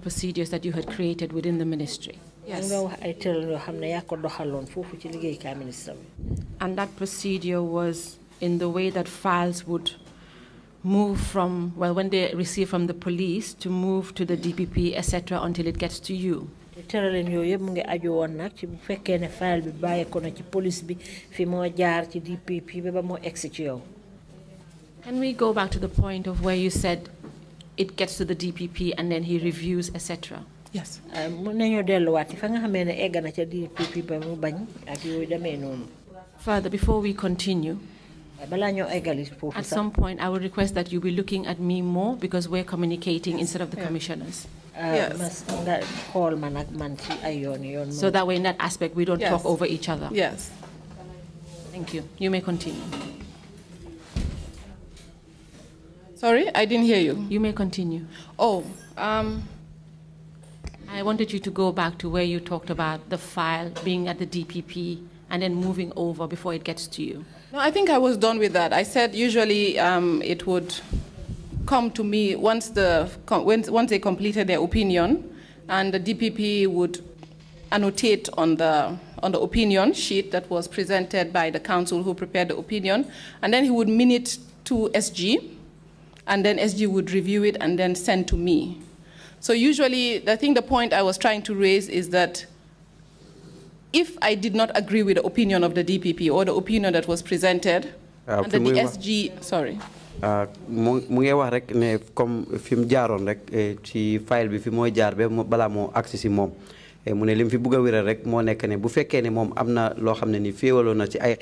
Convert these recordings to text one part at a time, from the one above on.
procedures that you had created within the ministry. Yes. And that procedure was in the way that files would move from, well, when they receive from the police to move to the DPP, etc., until it gets to you. tëralin yooyu yëpp mu ngi aju woon nag ci bu fekkee ne file bi na ci police bi fi moo jaar ci DPP ba moo egsi ci yow. Can we go back to the point of where you said it gets to the DPP and then he reviews, etc. Yes. Um, Father, before we continue, uh, at some point I would request that you be looking at me more because we're communicating instead of the yeah. commissioners. Uh, yes. So that way in that aspect we don't yes. talk over each other. Yes. Thank you. You may continue. Sorry, I didn't hear you. You may continue. Oh, um, I wanted you to go back to where you talked about the file being at the DPP and then moving over before it gets to you. No, I think I was done with that. I said usually um, it would come to me once, the, once they completed their opinion, and the DPP would annotate on the on the opinion sheet that was presented by the council who prepared the opinion, and then he would minute to SG and then SG would review it and then send to me. So usually, I think the point I was trying to raise is that if I did not agree with the opinion of the DPP or the opinion that was presented, uh, ah, and the SG, sorry. Ah, rek ne rek eh, ci file bi fi Eh, fi bëgg rek ne bu ne ni na ci ay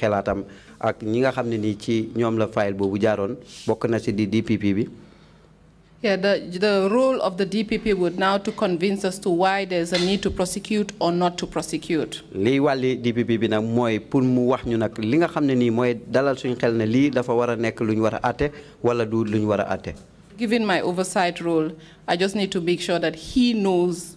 ak ñi nga ci la jaaroon na ci di DPP bi. Yeah, the, the role of the DPP would now to convince us to why there's a need to prosecute or not to prosecute. liy DPP bi nag mooy pour mu wax ñu nag li nga dalal suñ xel ne dafa a nekk lu ñu wala du Given my oversight role, I just need to make sure that he knows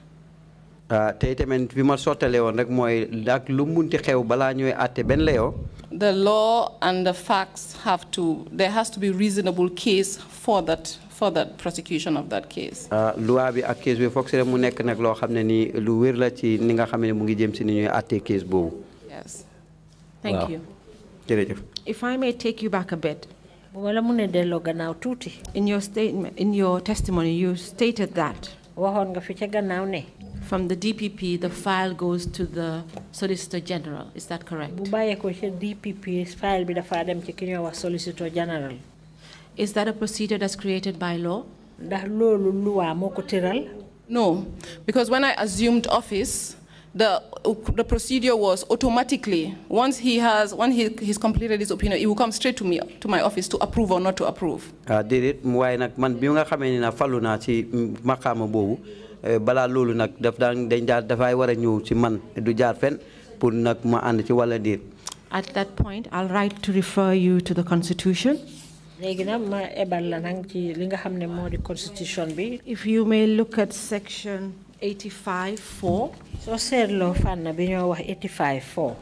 Ah, the law and the facts have to there has to be reasonable case for that for that prosecution of that case. Ah, yes thank you. if I may take you back a bit. in your statement in your testimony you stated that from the DPP, the file goes to the Solicitor General. Is that correct? DPP file dem Solicitor General. Is that a procedure that's created by law? moko teral? No, because when I assumed office, the, the procedure was automatically, once he has, when he, he's completed his opinion, it will come straight to me, to my office, to approve or not to approve. Uh, did it? man, ni na Eh, daf dañ ñëw ci man du jaar fen pour ma ànd ci wala At that point, I'll write to refer you to the Constitution. If you may look at section 85.4. So 85.4.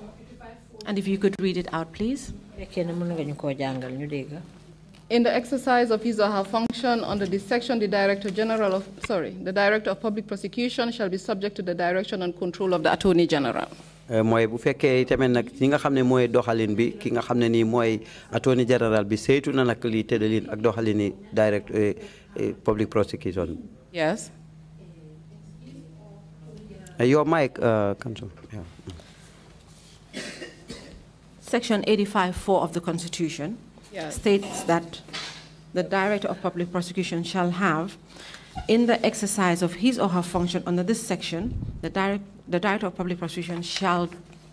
And if you could read it out, please. In the exercise of his or her function under this section, the Director General of, sorry, the Director of Public Prosecution shall be subject to the direction and control of the Attorney General. Eh, mooy bu fekkee tamit nag ñi nga xam ne mooy doxalin bi ki nga xam ne nii attorney general bi saytu na nag lii tëddalin ak doxalini direct eh, eh, public prosecution. yes. your mic uh, counsel. Section 85.4 of the Constitution states that the director of public prosecution shall have, in the exercise of his or her function under this section, the, direct, the director of public prosecution shall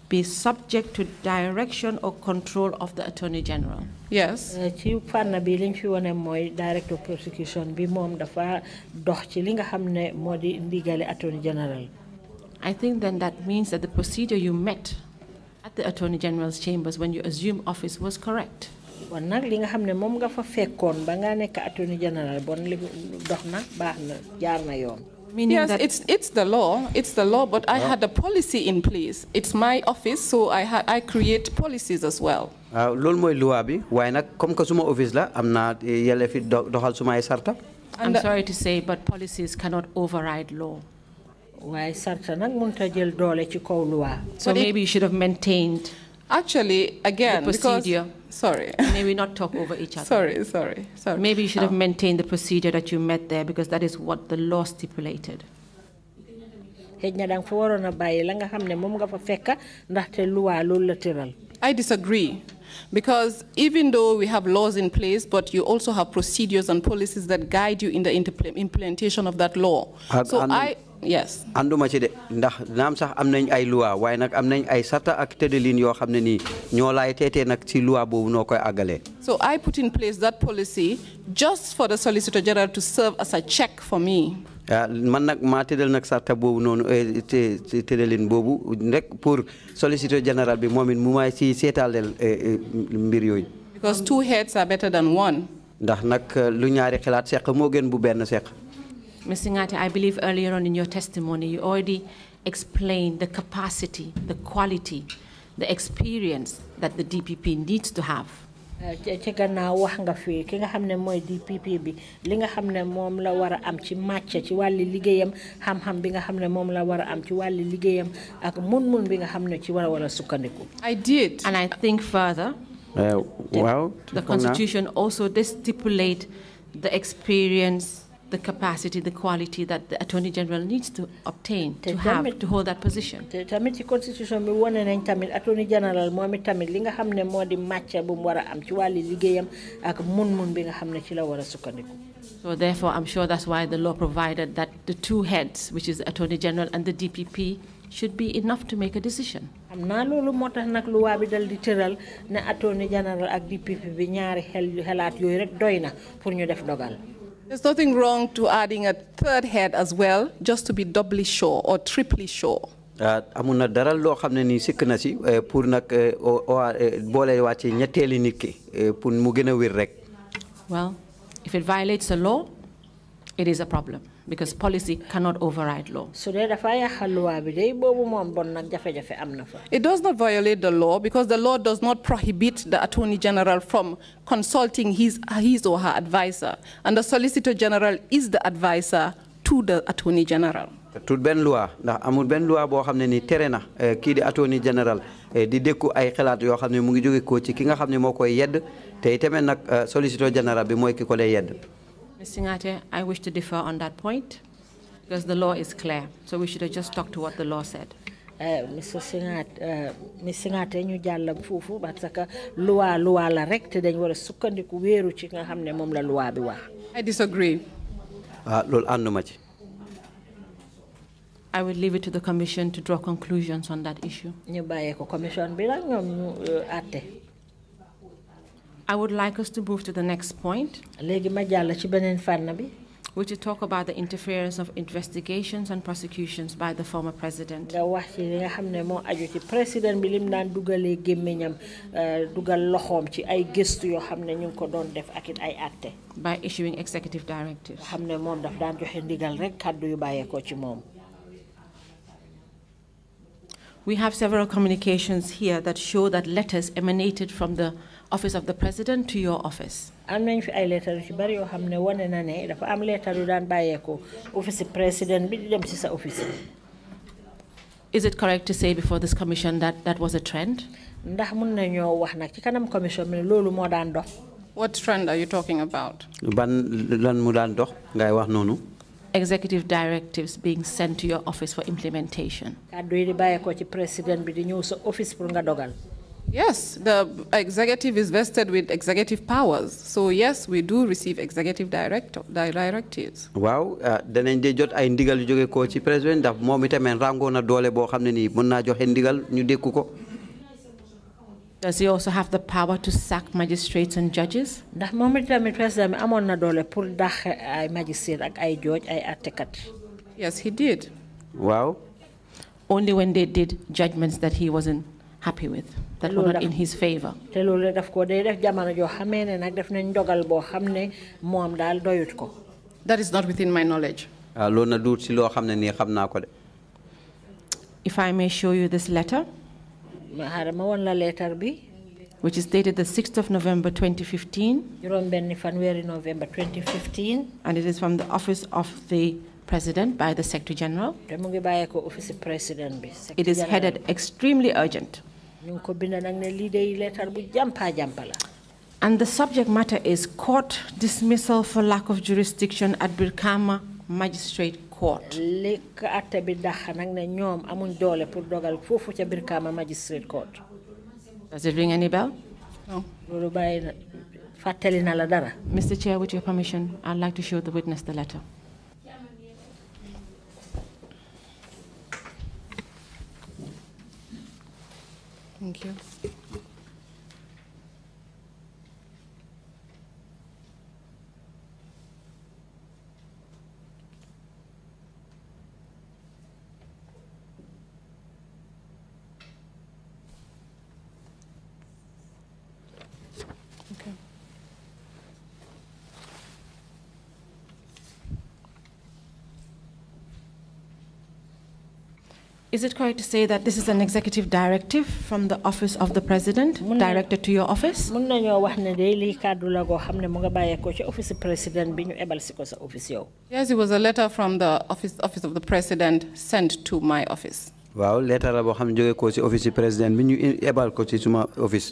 be subject to direction or control of the attorney general. Yes. ci fànn bi liñ fi wone mooy director prosecution bi moom dafa dox ci li nga xam ne attorney general. I think then that means that the procedure you met at the attorney general's chambers when you assumed office was correct kon nag li nga fa fekkoon ba nga nekk attorney general bon li dox na baax na jaar na yes, it's it's the law. It's the law, but I had a policy in place. It's my office, so I had I create policies as well. Uh, mooy loi bi waaye nag comme que suma office la am naa eh, yelle fi doxal suma ay I'm sorry to say, but policies cannot override law. Why sarta nag mënta jël doole ci kaw So maybe you should have maintained. Actually, again, the procedure. because Sorry. May we not talk over each other? Sorry, sorry, sorry. Maybe you should have oh. maintained the procedure that you met there because that is what the law stipulated. I disagree because even though we have laws in place, but you also have procedures and policies that guide you in the implementation of that law. And, so and I yes ànduma ci de ndax naam sax am nañ ay loi waaye nag am nañ ay sarta ak tëddalin yoo xam ne nii ñoo laay teetee nag ci loi boobu noo koy so I put in place that policy just for the solicitor general to serve as a check for me. Ah, man nag maa tëddal nag sarta boobu noonu eh, tëddalin bobu rek pour solicitor général bi moom it mu may si seetaaleel eh, eh, mbir yooyu. because two heads are better than one. ndax nak lu ñaari xalaat seq moo gën bu benn seq. Ms. Ngati, I believe earlier on in your testimony, you already explained the capacity, the quality, the experience that the DPP needs to have. Uh, ci wax nga fi ki nga DPP bi li nga la am ci ci walli liggéeyam xam-xam bi nga la am ci wàlli ak mun-mun bi nga ci sukkandiku. I did. And I think further. Uh, the constitution also stipulates stipulate the experience the capacity, the quality that the Attorney General needs to obtain to have to hold that position. te tamit constitution bi wane nañ tamit Attorney General moom it tamit li nga di màcca bu mu war ak mun-mun a So therefore, I'm sure that's why the law provided that the two heads, which is the Attorney General and the DPP, should be enough to make a decision. am Attorney General ak DPP def dogal. There's nothing wrong to adding a third head as well, just to be doubly sure or triply sure. Uh, dara na eh, pour eh, eh, pour mu rek. Well, if it violates the law, it is a problem. because policy cannot override law. It does not violate the law because the law does not prohibit the Attorney General from consulting his, his or her advisor. And the Solicitor General is the advisor to the Attorney General. tut benn loi ndax amul benn loi boo xam ne ni tere na eh, kii di attorney général eh, di dékku ay xalaat yoo xam ne mu ngi jóge ko ci ki nga xam ne moo koy yedd te itamit nag eh, solliciteur général bi mooy k ko lay Ms. Singate, I wish to differ on that point because the law is clear. So we should have just stuck to what the law said. Eh, Mr. Singate eh, Mr. Singate you jàll fufu, but que loa loa la rek te dañ wala sukandi sukkandiku wéeru ci nga xam ne la loi bi wax. I disagree. ah loolu ànduma ci. I would leave it to the commission to draw conclusions on that issue. ñu bàyyee ko commission bi la ñoom ñu eh, àtte. I would like us to move to the next point. which is talk about the interference of investigations and prosecutions by the former president. Euh, by issuing executive directives. We have several communications here that show that letters emanated from the office of the president to your office? am nañ fi ay leetar ci bari yoo xam ne na ne dafa am leetar yu daan bàyyeekoo office président bi di dem ci sa office. Is it correct to say before this commission that that was a trend? ndax mun nañoo wax nag ci kanam commission bi ne loolu daan dox. What trend are you talking about? ban lan mu daan dox ngay wax noonu. Executive directives being sent to your office for implementation. kàddu yi di bàyyeekoo ci président bi di ñëw sa office pour nga dogal. Yes, the executive is vested with executive powers. So yes, we do receive executive director, directives. Wow, uh, danañ dé jot ay ndigal yu joggé ko ci président daf mom itamé rango na doole bo xamné ni mën na joxé ndigal ñu Does he also have the power to sack magistrates and judges? Ndax mom itamé président bi amon na doole pour dax ay magistrate ak ay judge ay attekat. Yes, he did. Wow. Only when they did judgments that he wasn't happy with, that were not in his favor. that is not within my knowledge. Ah, if I may show you this letter. which is dated the 6th of November 2015. And it is from the office of the President by the Secretary General. It is headed extremely urgent. And the subject matter is court dismissal for lack of jurisdiction at Birkama Magistrate Court. Does it ring any bell? No. Mr. Chair, with your permission, I'd like to show the witness the letter. Thank you. is it correct to say that this is an executive directive from the office of the president directed to your office mun nañu wax ne day li kaddu go xamne mu office yes it was a letter from the office office of the president sent to my office Wow, letter la bo xamne joge ko ci office president bi ñu ebal ko ci suma office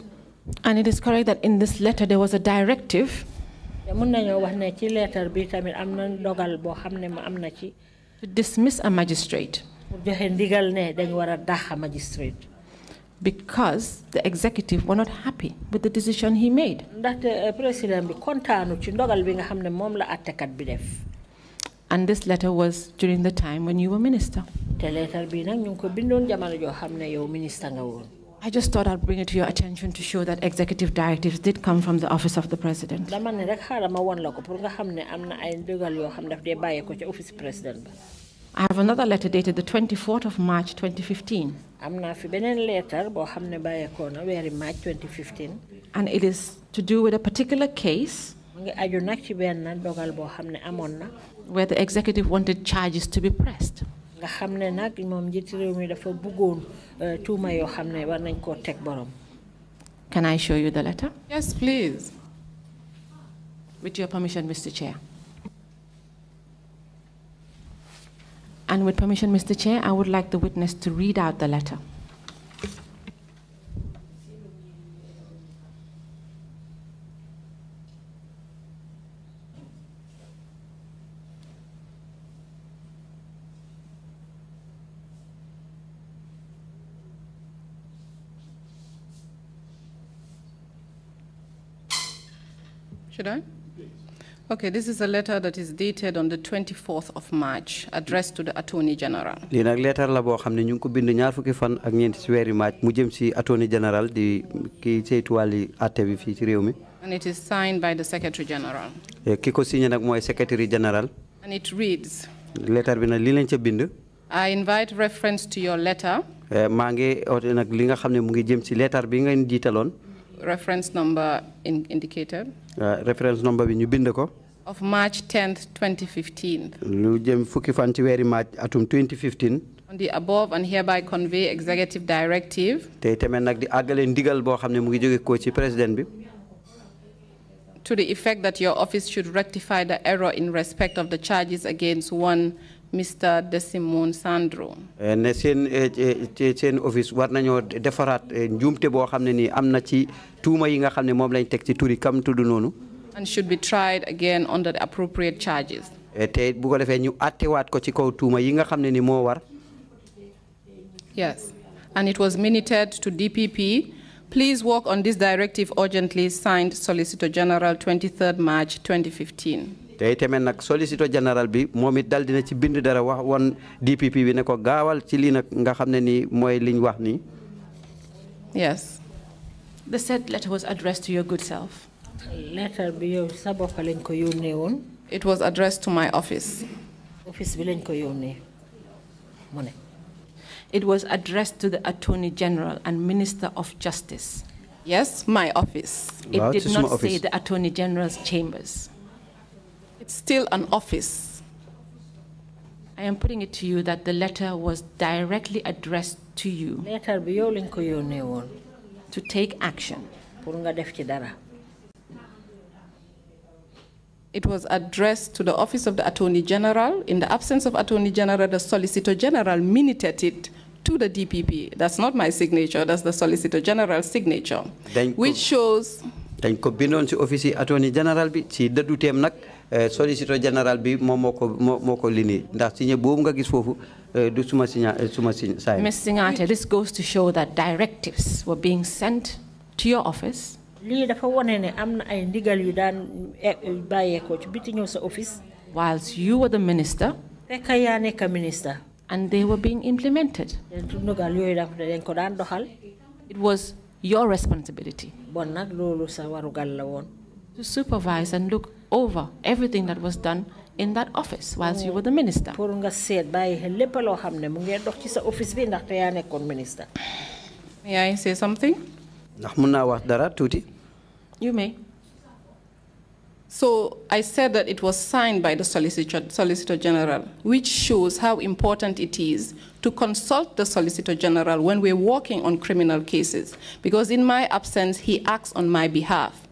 and it is correct that in this letter there was a directive to dismiss a magistrate a magistrate because the executive were not happy with the decision he made. Uh, and this letter was during the time when you were minister. I just thought I'd bring it to your attention to show that executive directives did come from the office of the president. I have another letter dated the 24th of March 2015. am naa fi March 2015. And it is to do with a particular case. Where the executive wanted charges to be pressed. Eh, Can I show you the letter? Yes, please. With your permission, Mr. Chair. And with permission, Mr. Chair, I would like the witness to read out the letter. Should I? Okay, this is a letter that is dated on the 24th of March, addressed to the Attorney General. lii nag letter la bo, xam ne ñu ngi ko bind ñaar fukki fan ak ñeenti si weeri March mu jëm si Attorney General di kii saytuwàlli àtte bi fii ci réew mi. And it is signed by the Secretary General. ki ko signé nag mooy Secretary General. And it reads. letter bi nag lii lañ ca bind. I invite reference to your letter. maa ngi oote nag li nga xam mu ngi jëm si letter bi nga jiitaloon. Reference number indicated. Uh, référence number bi ñu bind ko. of March 10th, 2015. lu jëm fukki fanti ci weeri March atum 2015. on the above and hereby convey executive directive. tey tamit nag di àggale ndigal boo xam mu ngi jóge ko ci président bi. to the effect that your office should rectify the error in respect of the charges against one Mr. Desimon Sandro. And eh, seen eh, eh, seen office war nañoo defaraat njuumte boo xam ni nii am na ci tuuma yi nga xam ne moom lañ teg ci turi kam tudd noonu. and should be tried again under the appropriate charges. Et bu ko defee ñu wat ko ci kaw tuuma yi nga ni moo war. yes and it was minuted to DPP. Please work on this directive urgently, signed Solicitor General, 23rd March 2015 général bi dal dina ci bind dara wax DPP bi ne ko ci nga liñ wax yes. the said letter was addressed to your good self. letter bi yow sa bopp lañ ko it was addressed to my office. office bi lañ ko it was addressed to the Attorney General and Minister of Justice. Yes, my office. It did not say the Attorney General's chambers. It's still an office. I am putting it to you that the letter was directly addressed to you. Letter To take action. dara. It was addressed to the Office of the Attorney General. In the absence of Attorney General, the Solicitor General minuted it to the DPP. That's not my signature, that's the Solicitor General's signature, which shows. dañ ko attorney general bi Eh, solliciteur général bi lini ndax signé nga gis eh, du suma eh, suma Singate this goes to show that directives were being sent to your office. While dafa wone ne ay ndigal yu daan ci biti ñëw sa office. whilst you were the minister. minister. and they were being implemented. it was your responsibility. to supervise and look over everything that was done in that office whilst you were the minister. minister. may I say something. you may. So I said that it was signed by the Solicitor, Solicitor, General, which shows how important it is to consult the Solicitor General when we're working on criminal cases, because in my absence, he acts on my behalf.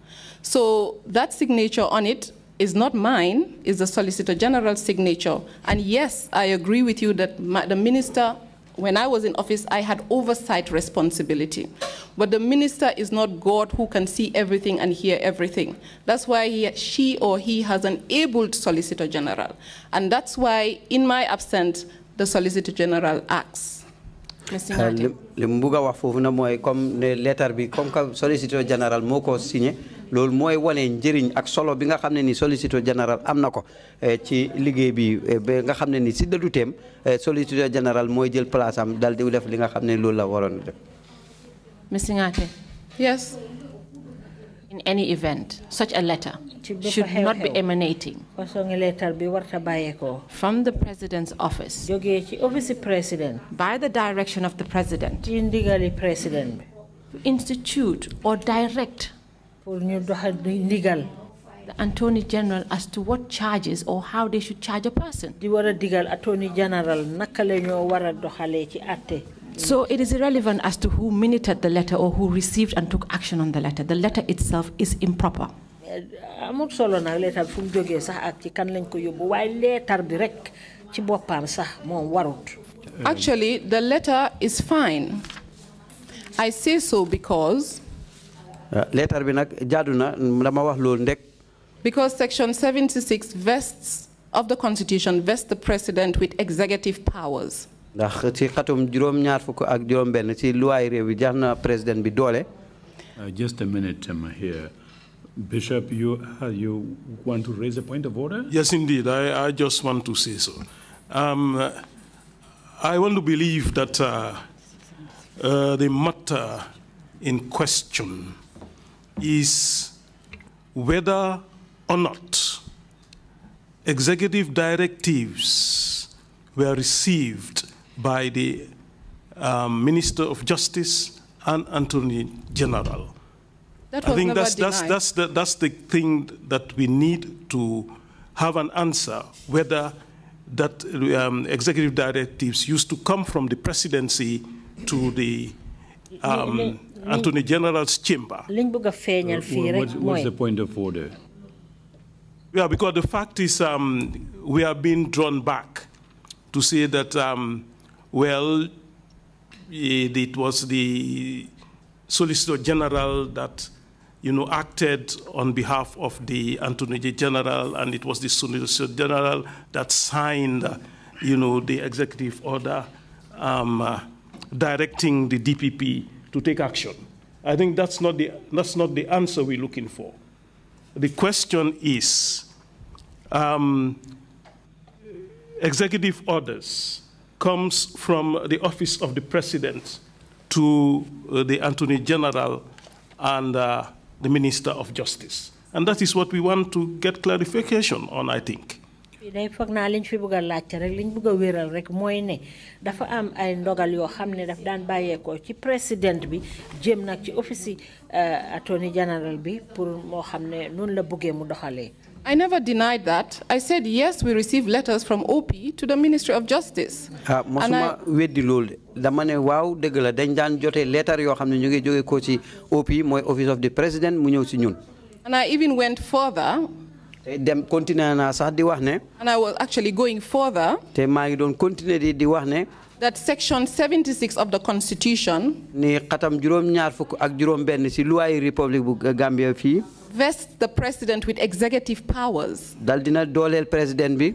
So that signature on it is not mine, is the Solicitor General's signature. And yes, I agree with you that my, the minister, when I was in office, I had oversight responsibility. But the minister is not God who can see everything and hear everything. That's why he, she or he has an able Solicitor General. And that's why, in my absence, the Solicitor General acts. li mu bugg a comme ne letter bi comme Solicitor général moo signé loolu njëriñ ak solo bi nga ni solliciteur général eh, ci liggéey bi eh, nga ni eh, solliciteur général jël place am dal di def li nga la def. Ngate. Yes. In any event, such a letter should not be emanating from the President's office by the direction of the President to institute or direct pour ñu doxal the attorney general as to what charges or how they should charge a person. attorney general So it is irrelevant as to who minuted the letter or who received and took action on the letter. The letter itself is improper. Eh, warut. Actually, the letter is fine. I say so because uh, bi dama wax ndek. because section 76 vests of the constitution vests the president with executive powers. ndax ci xatum naar ak ci bi président bi uh, just a minute here. Bishop, you, uh, you want to raise a point of order? Yes, indeed. I, I just want to say so. Um, I want to believe that uh, uh, the matter in question is whether or not executive directives were received by the um, Minister of Justice and Attorney General. That I think that's, that's, that's, the, that's the thing that we need to have an answer, whether that um, executive directives used to come from the presidency to the um, Attorney General's chamber. Uh, what's the point of order? Yeah, because the fact is um, we are being drawn back to say that, um, well, it was the Solicitor General that you know, acted on behalf of the Attorney General, and it was the Solicitor General that signed, you know, the executive order um, uh, directing the DPP to take action. I think that's not the, that's not the answer we're looking for. The question is um, executive orders comes from the office of the president to uh, the attorney general and uh, the minister of justice. And that is what we want to get clarification on, I think day liñ fi rek liñ bëgg a wéral rek mooy ne dafa am um, ay ndogal yoo xam ne daf daan bàyyeekoo ci président bi jëm nag ci office uh, attorney general bi pour moo xam ne noonu la mu doxalee. I never denied that. I said yes, we received letters from OP to the Ministry of Justice. ah weddi de dama ne la dañ ñu ngi ko ci OP Office of the President mu ñëw ñun. And I even went further. Eh, dem continuer naa sax di wax ne. and I was actually going further. te maa ngi doon continuer di di wax ne. that section 76 of the constitution. ni xatam juróom-ñaar fukk ak juróom-benn si luwaayu république bu Gambia fii. vests the president with executive powers. dal dina dooleel président bi.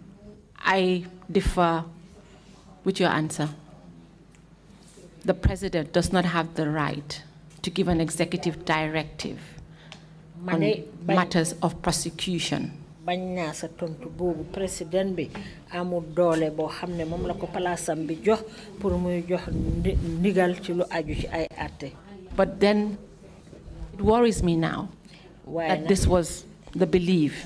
I differ with your answer. The president does not have the right to give an executive directive on matters of prosecution. sa tontu président bi amul doole la ko bi jox pour muy jox ndigal ci lu aju ci ay àtte. but then it worries me now. that this was the belief.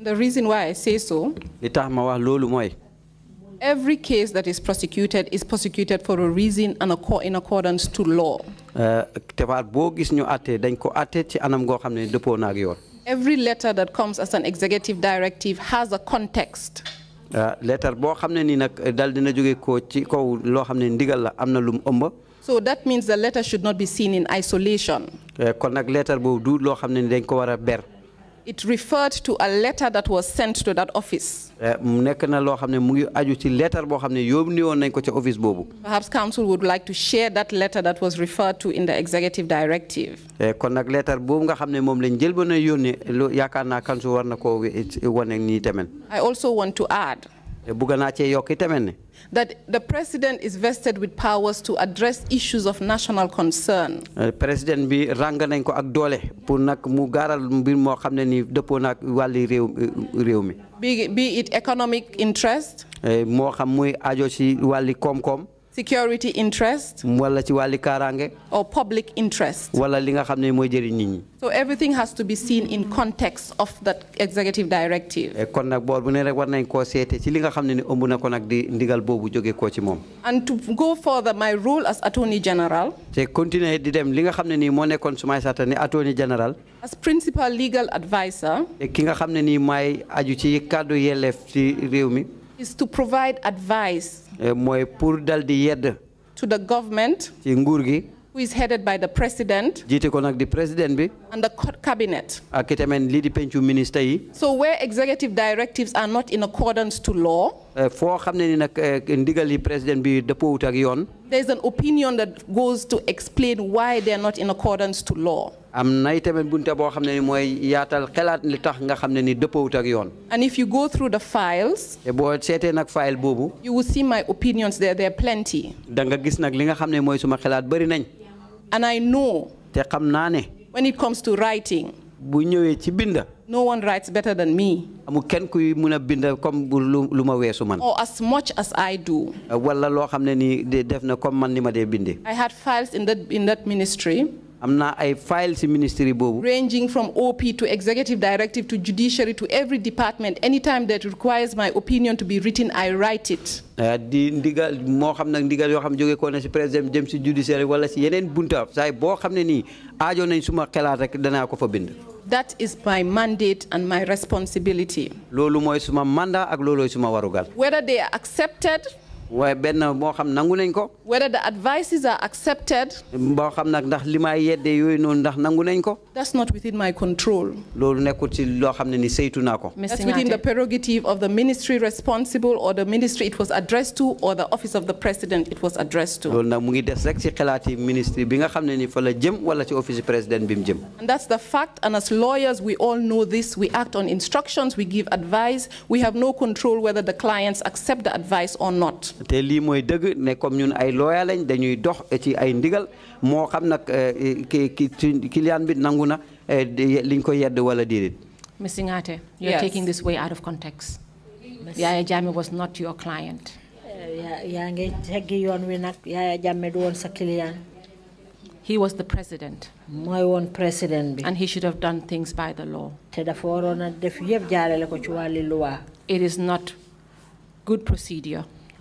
The reason why I say so. Every case that is prosecuted is prosecuted for a reason and in accordance to law. Eh, every letter that comes as an executive directive has a context. Eh, so that means the letter should not be seen in isolation. Eh, it referred to a letter that was sent to that office. Eh, Perhaps council would like to share that letter that was referred to in the executive directive. Eh, I also want to add Eh, That the president is vested with powers to address issues of national concern. Eh, president bi rang nañ ko ak doole pour nak mu garal mbir mo xamne ni depo nak wali rew eh, mi. Be it economic interest. moo xam muy ajo ci wali kom security interest wala ci or public interest wala li nga nit ñi so everything has to be seen in context of that executive directive eh, kon bu ne rek war nañ ci li nga ni ëmb na ko di ndigal ci and to go further my role as attorney general te di dem li nga ni attorney general as principal legal adviser ki nga aju ci ci réew mi is to provide advice. Eh, pour dal di to the government. ci who is headed by the president. di président bi. and the cabinet. yi. so where executive directives are not in accordance to law. Eh, eh, président bi there is an opinion that goes to explain why they are not in accordance to law am and if you go through the files. you will see my opinions there there are plenty. and I know. when it comes to writing. no one writes better than me. a or as much as I do. I had files in that in that ministry am na ay file ci ministry boobu. ranging from OP to executive directive to judiciary to every department anytime that requires my opinion to be written I write it. Uh, di ndigal moo xam nag ndigal yoo xam jóge ko na ci président jëm ci judiciary wala ci yeneen bunta saay boo xam ne nii aajo nañ suma xelaat rek danaa ko fa bind. that is my mandate and my responsibility. loolu mooy suma mandat ak loolooy suma warugal. whether they are accepted whether the advices are accepted. that's not within my control. that's within the prerogative of the ministry responsible or the ministry it was addressed to or the office of the president it was addressed to. and that's the fact and as lawyers we all know this we act on instructions we give advice we have no control whether the clients accept the advice or not te dëgg ne comme ñun ay lañ dañuy dox ci ay ndigal xam eh, client bi eh, liñ ko yedd wala Mr. Ngate, you're yes. taking this way out of context. Yaya Jammeh was not your client. Eh, he was the president. président And he should have done things by the law. It is not good procedure.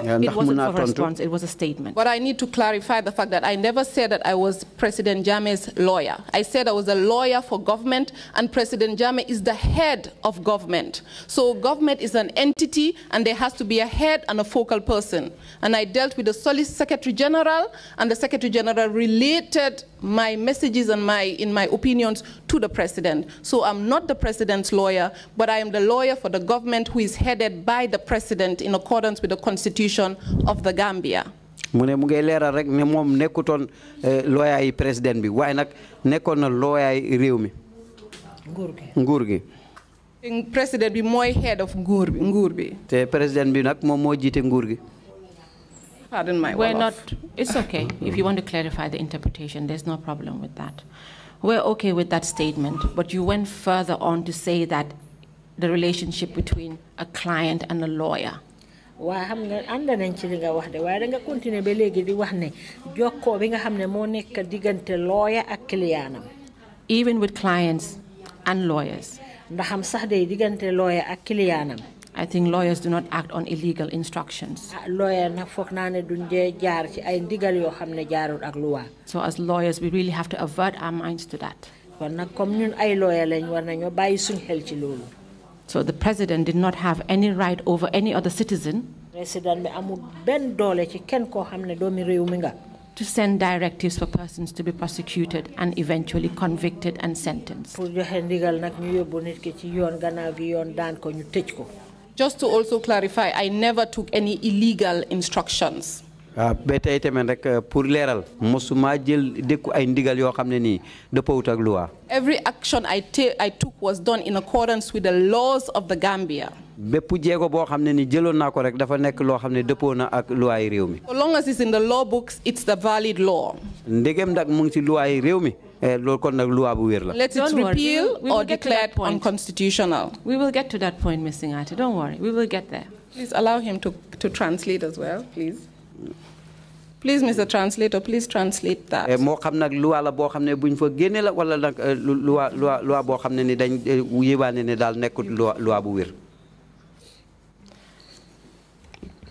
it wasn't for response, it was a statement. But I need to clarify the fact that I never said that I was President Jame's lawyer. I said I was a lawyer for government, and President Jame is the head of government. So government is an entity, and there has to be a head and a focal person. And I dealt with the Solicitor Secretary General, and the Secretary General related my messages and my, in my opinions to the president. So I'm not the president's lawyer, but I am the lawyer for the government who is headed by the president in accordance with the constitution of the Gambia. Mune ne mu rek ne moom eh, lawyer yi président bi Why nak nekon lawyer yi réew Ngurgi. président bi mooy head of Ngurbi. te président bi nak moom moo jite nguur gi. Pardon my We're not, it's okay. if you want to clarify the interpretation, there's no problem with that. We're okay with that statement, but you went further on to say that the relationship between a client and a lawyer. waa xam nga ànd nañ ci li nga wax de waaye continuer ba léegi di wax ne jokkoo bi nga xam ne moo nekk diggante ak even with clients and lawyers sax diggante ak I think lawyers do not act on illegal instructions. Ah, so as lawyers, we really have to avert our minds to that. So the president did not have any right over any other citizen to send directives for persons to be prosecuted and eventually convicted and sentenced. Just to also clarify, I never took any illegal instructions. Ah, rek eh, pour jël ay ndigal ak loi. every action I I took was done in accordance with the laws of the Gambia. bépp ni rek dafa na ak loi yi so long as it's in the law books it's the valid law. ndegem mu ngi ci loi yi Eh, let it repeal or declared unconstitutional. we will get to that point Miss Singati don't worry we will get there. please allow him to to translate as well please. please Mr translator please translate that. Eh, xam loi la buñ fa génne la wala loi loi loi ni dañ eh, loi loi bu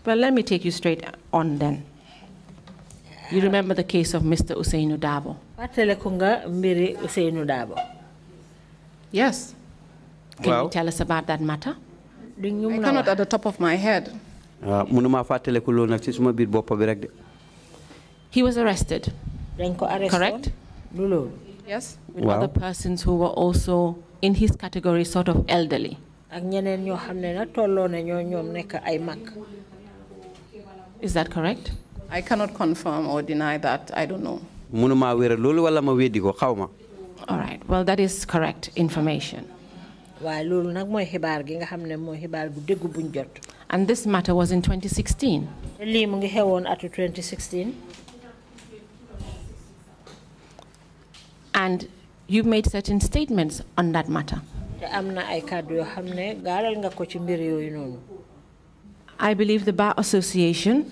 well let me take you straight on then. You remember the case of Mr. Usainu Dabo? Dabo. Yes. Can well, you tell us about that matter? I cannot at the top of my head. Uh, he was arrested. Correct? Yes. With well, other persons who were also in his category, sort of elderly. Is that correct? I cannot confirm or deny that. I don't know. Munuma wéra lulu wala ma wéddi ko xawma. All right. Well, that is correct information. Wa lulu nag mooy xibaar gi nga xam ne mooy bu dégg buñ jot. and this matter was in 2016. Li mu ngi xewoon atu 2016. and you made certain statements on that matter. te ay kàddu yoo xam ne nga ko ci mbir yooyu noonu. I believe the Bar Association.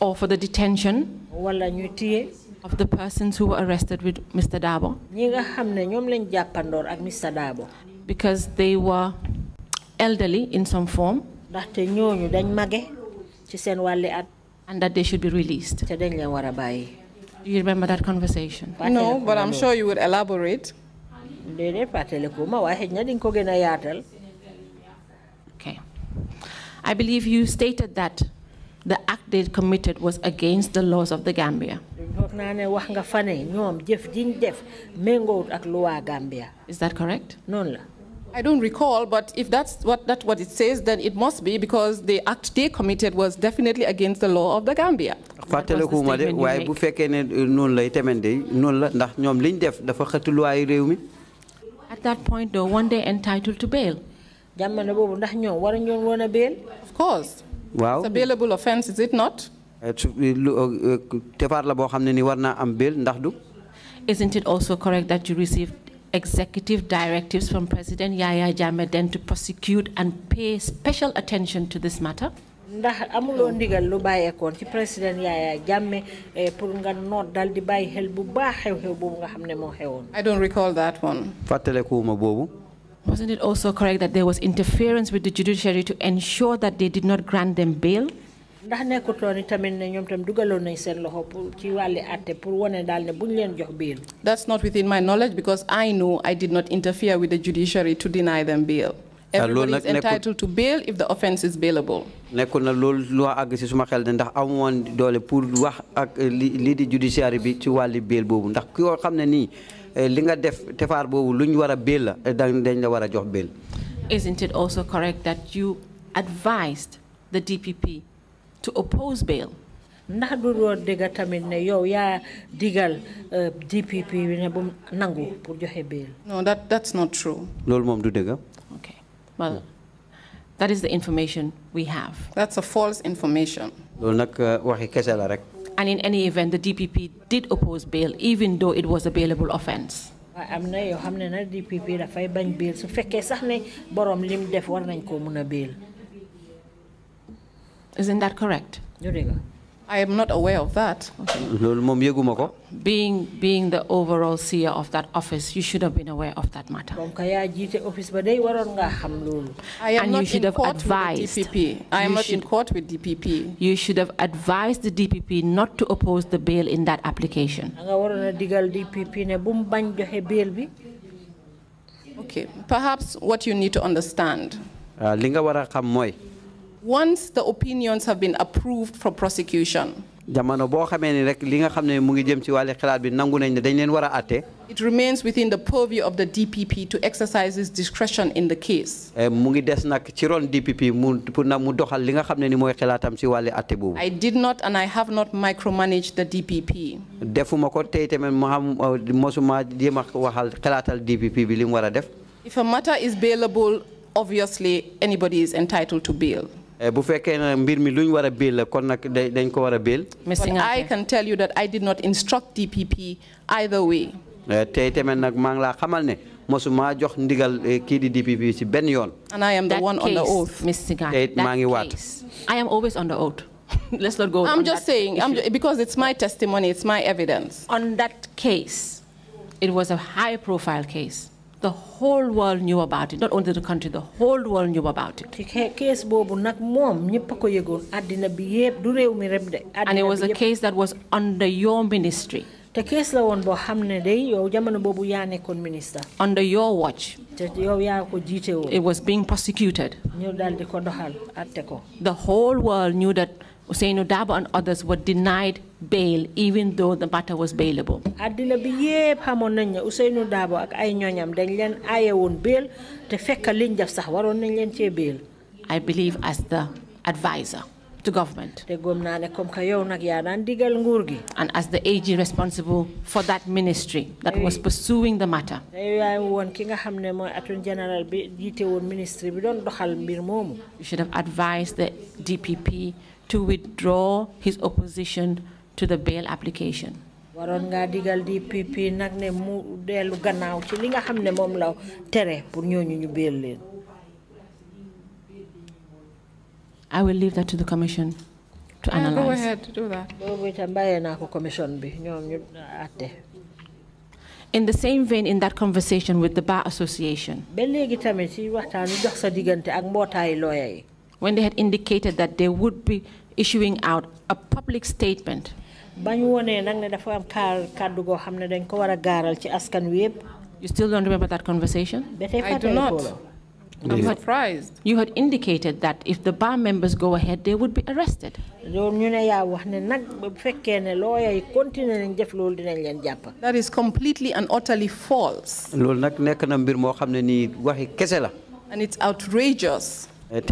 or for the detention of the persons who were arrested with Mr. Dabo. because they were elderly in some form. and that they should be released. Do you remember that conversation? No, but I'm sure you would elaborate. I believe you stated that the act they committed was against the laws of the Gambia. Is that correct? No. I don't recall, but if that's what, that what it says, then it must be because the act they committed was definitely against the law of the Gambia. Uh, at that point though, one day entitled to bail jamono boobu ndax ñoom war ñoon woon of course. Wow. it's a bailable offence is it not. Eh, eh, eh, tefaat la boo ni war am bail ndax isn't it also correct that you received executive directives from President Yahya Jammeh then to prosecute and pay special attention to this matter? ndax amuloo ndigal lu bàyyeekoon ci président Yaya Jammeh pour nga noot dal di bàyyi xel bu baax xew-xew boobu nga xam mo moo I don't recall that one. fàttalekuuma bobu. Wasn't it also correct that there was interference with the judiciary to ensure that they did not grant them bail? ndax ne nañ seen loxo pour ci àtte pour ne buñ leen jox bail. That's not within my knowledge because I know I did not interfere with the judiciary to deny them bail. Ah, Everybody is entitled to bail if the offense is bailable. na lu suma xel ndax doole pour wax ak di judiciary bi ci bail ndax Eh, def la eh, dañ la jox is Isn't it also correct that you advised the DPP to oppose bail? ndax du tamit ne yow digal eh, DPP ne bu nangu pour joxe bail. no that that's not true. loolu moom du dégg. okay well that is the information we have. that's a false information. loolu nak waxi rek. And in any event, the DPP did oppose bail, even though it was a bailable offense. am not yoo xam ne nag DPP dafay bañ bail so for sax ne borom lim def war nañ koo mën a bail. Isn't that correct? You're right. I am not aware of that. being being the overall seer of that office you should have been aware of that matter. moom ka yaa jiite office I am not in court with the DPP. I am not in court with DPP. you should have advised the DPP not to oppose the bail in that application. okay perhaps what you need to understand. Ah, li once the opinions have been approved for prosecution. It remains within the purview of the DPP to exercise his discretion in the case. I did not and I have not micromanaged the DPP. Uh, if a matter is bailable, obviously anybody is entitled to bail. Eh, bu fekkee mbir mi lu ñu bill kon nag dañ ko war bill. I can tell you that I did not instruct DPP either way. Eh, tey tamit nag Mang ngi laa xamal ne mosuma jox ndigal eh, kii di DPP si benn yoon. and I am the one on the oath. Miss Siga tey maa ngi waat. I am always on the oath. Let's not go. I'm just saying because it's my testimony, it's my evidence. On that case, it was a high profile case the whole world knew about it not only the country the whole world knew about it and it was a case that was under your ministry case under your watch it was being prosecuted the whole world knew that Hussein Odabo and others were denied bail even though the matter was bailable. Adina bi yeb xamone nañ ak ay ñoñam dañ leen bail te fekk liñ def sax waron nañ leen ci bail. I believe as the advisor to government. Te gom na ne yow nak ya digal nguur gi. And as the AG responsible for that ministry that was pursuing the matter. won ki nga xamne moy general bi jité won ministry bi doxal mbir momu. You should have advised the DPP to withdraw his opposition to the bail application. digal ne mu gannaaw ci li nga la tere pour ñooñu ñu leen. I will leave that to the commission to analyze. Go ahead, do that. ko commission bi ñoom ñu àtte. In the same vein, in that conversation with the Bar Association. ba tamit ci waxtaan sa ak yi when they had indicated that they would be issuing out a public statement. You still don't remember that conversation? I do not. I'm yeah. surprised. You had indicated that if the bar members go ahead, they would be arrested. That is completely and utterly false. And it's outrageous. It's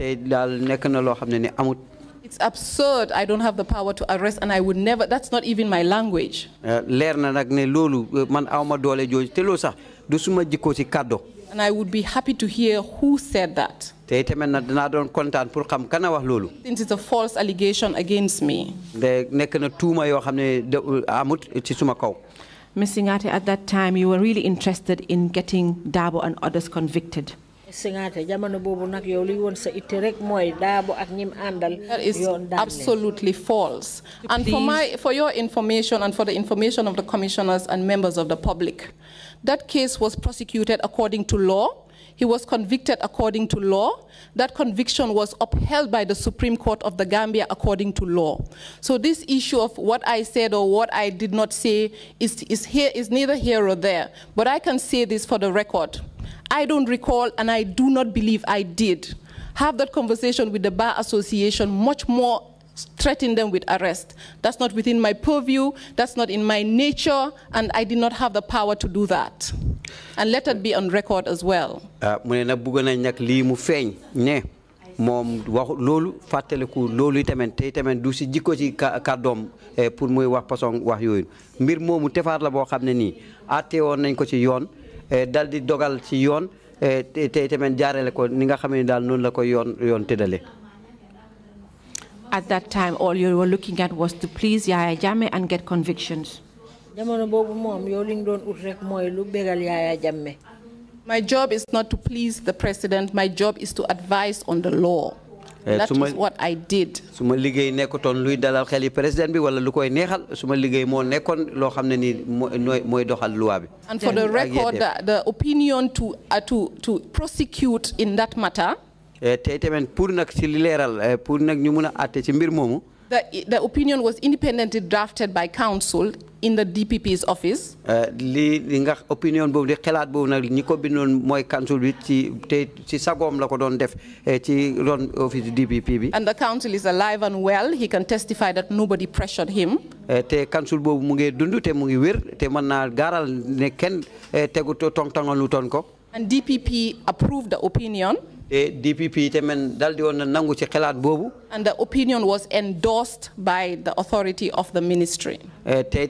absurd. I don't have the power to arrest, and I would never. That's not even my language. Eh, eh, man And I would be happy to hear who said that. te Since it's a false allegation against me. Missing eh, amut at that time you were really interested in getting Dabo and others convicted singaate jamono yow li sa rek daabo ak ñim àndal absolutely false and for my for your information and for the information of the commissioners and members of the public that case was prosecuted according to law He was convicted according to law. That conviction was upheld by the Supreme Court of the Gambia according to law. So this issue of what I said or what I did not say is, is, here, is neither here or there. But I can say this for the record. I don't recall and I do not believe I did have that conversation with the Bar Association much more threaten them with arrest. That's not within my purview, that's not in my nature, and I did not have the power to do that. And let that be on record as well. Ah, te du jikko ci eh, pour muy wax wax mbir la nañ ko ci Eh, dal di dogal ci yoon eh, te jaarale ko ni nga la ko yoon yoon At that time, all you were looking at was to please Yaya Jammeh and get convictions. jamono li rek lu bégal Yaya My job is not to please the president. My job is to advise on the law. Eh, that is what I did. Suma ma liggéey nekkutoon luy dalal xel yi président bi wala lu koy neexal su ma liggéey moo nekkoon loo xam ne doxal loi bi. and for the record the opinion to uh, to to prosecute in that matter. Eh, tey tamit pour nag ci leeral eh, pour nag ñu mun àtte ci mbir moomu. The, the opinion was independently drafted by council in the DPP's office. The uh, opinion was li xalaat boobu council eh, office and the council is alive and well he can testify that nobody pressured him. Eh, eh, and DPP approved the opinion. DPP daldi nangu ci and the opinion was endorsed by the authority of the ministry. di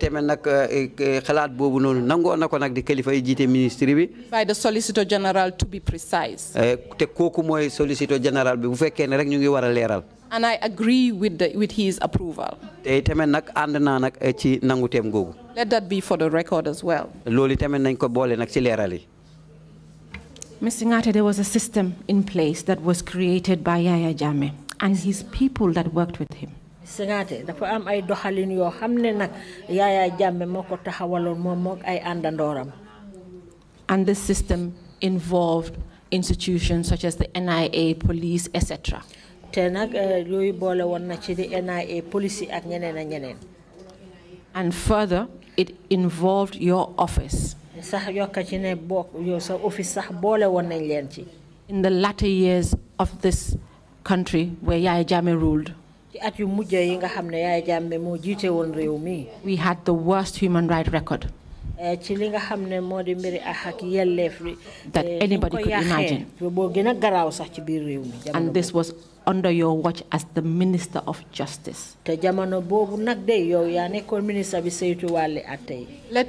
ministry bi. by the solicitor general to be precise. te solicitor general bi bu ne rek ñu ngi and I agree with, the, with his approval. Let that be for the record as well. Ms. Singate, there was a system in place that was created by Yaya Jame and his people that worked with him. Singate dafa am ay doxalin yoo xam ne nag Yaya Jammeh moo ko taxawaloon moom moog ay àndandooram. And this system involved institutions such as the NIA, police, etc. te nag eh, yooyu boole woon na ci di NIA police ak ñeneen ak ñeneen. And further, it involved your office. In the latter years of this country where Yaya ruled, we had the worst human rights record that anybody could imagine. And this was under your watch as the Minister of Justice. Let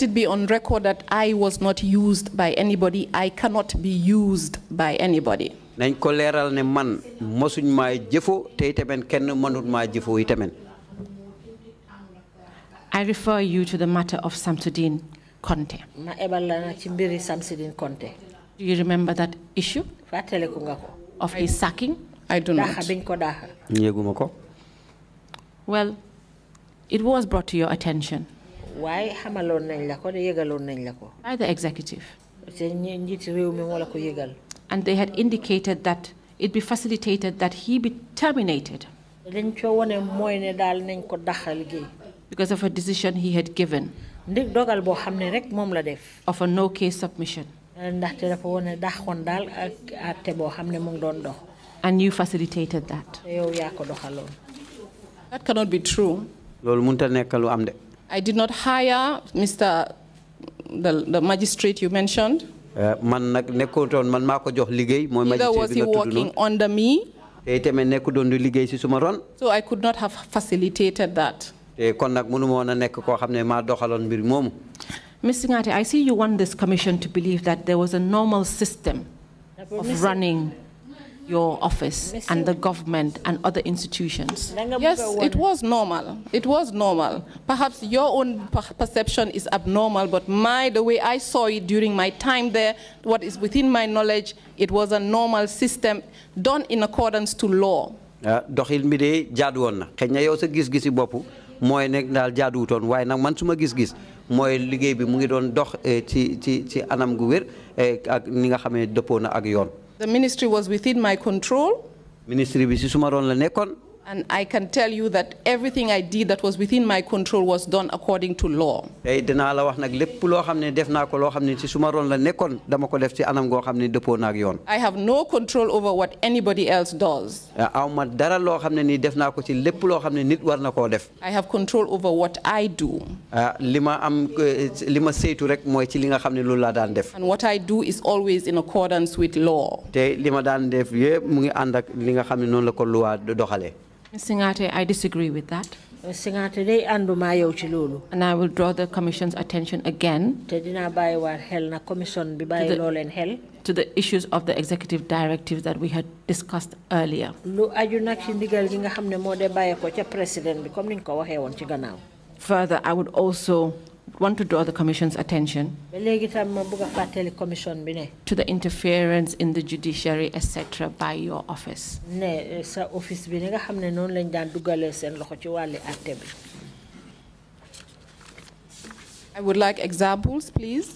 it be on record that I was not used by anybody. I cannot be used by anybody. nañ ko ne man mosuñ te itamen kenn itamen. I refer you to the matter of Samsudin Conte. ma ebal la ci mbiri Samsudin Conte. Do you remember that issue? nga ko. of his sacking. I do not. Well, it was brought to your attention. Why? By the executive. And they had indicated that it be facilitated that he be terminated. Because of a decision he had given. Of a no case submission and you facilitated that. That cannot be true. I did not hire Mr. the, the magistrate you mentioned. Eh, Neither was he working under me so I could not have facilitated that Mr. Ngate, I see you want this commission to believe that there was a normal system of running your office and the government and other institutions? Yes, it was normal. It was normal. Perhaps your own perception is abnormal, but my the way I saw it during my time there, what is within my knowledge, it was a normal system done in accordance to law. Ah, doxil mi de jaadu na xëy na yow sa gis-gisi bopp mooy nekk daal jaaduwutoon waaye nag man suma gis-gis mooy liggéey bi mu ngi doon dox eh, ci ci ci anam gu wér eh, ak ni nga xamee dëppoo na ak yoon. the ministry was within my control. ministry bi ci suma ron la nekkoon. And I can tell you that everything I did that was within my control was done according to law. I have no control over what anybody else does. I have control over what I do. And what I do is always in accordance with law. Singate, I disagree with that. Singate And I will draw the commission's attention again. Te dina na commission To the issues of the executive directives that we had discussed earlier. mo de baye president Further, I would also want to draw the Commission's attention to the interference in the judiciary, etc., by your office. Eh, I would like examples, please.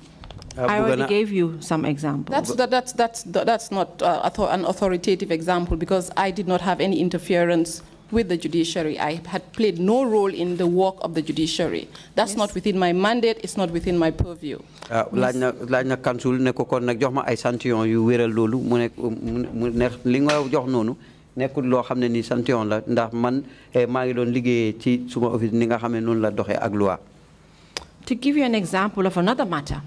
Ah, I already gave you some examples. That's, that, that's, that's, that's not uh, an authoritative example because I did not have any interference with the judiciary. I had played no role in the work of the judiciary. That's yes. not within my mandate. It's not within my purview. ni la ndax man eh, ngi ci suma office ni nga la ak loi. To give you an example of another matter.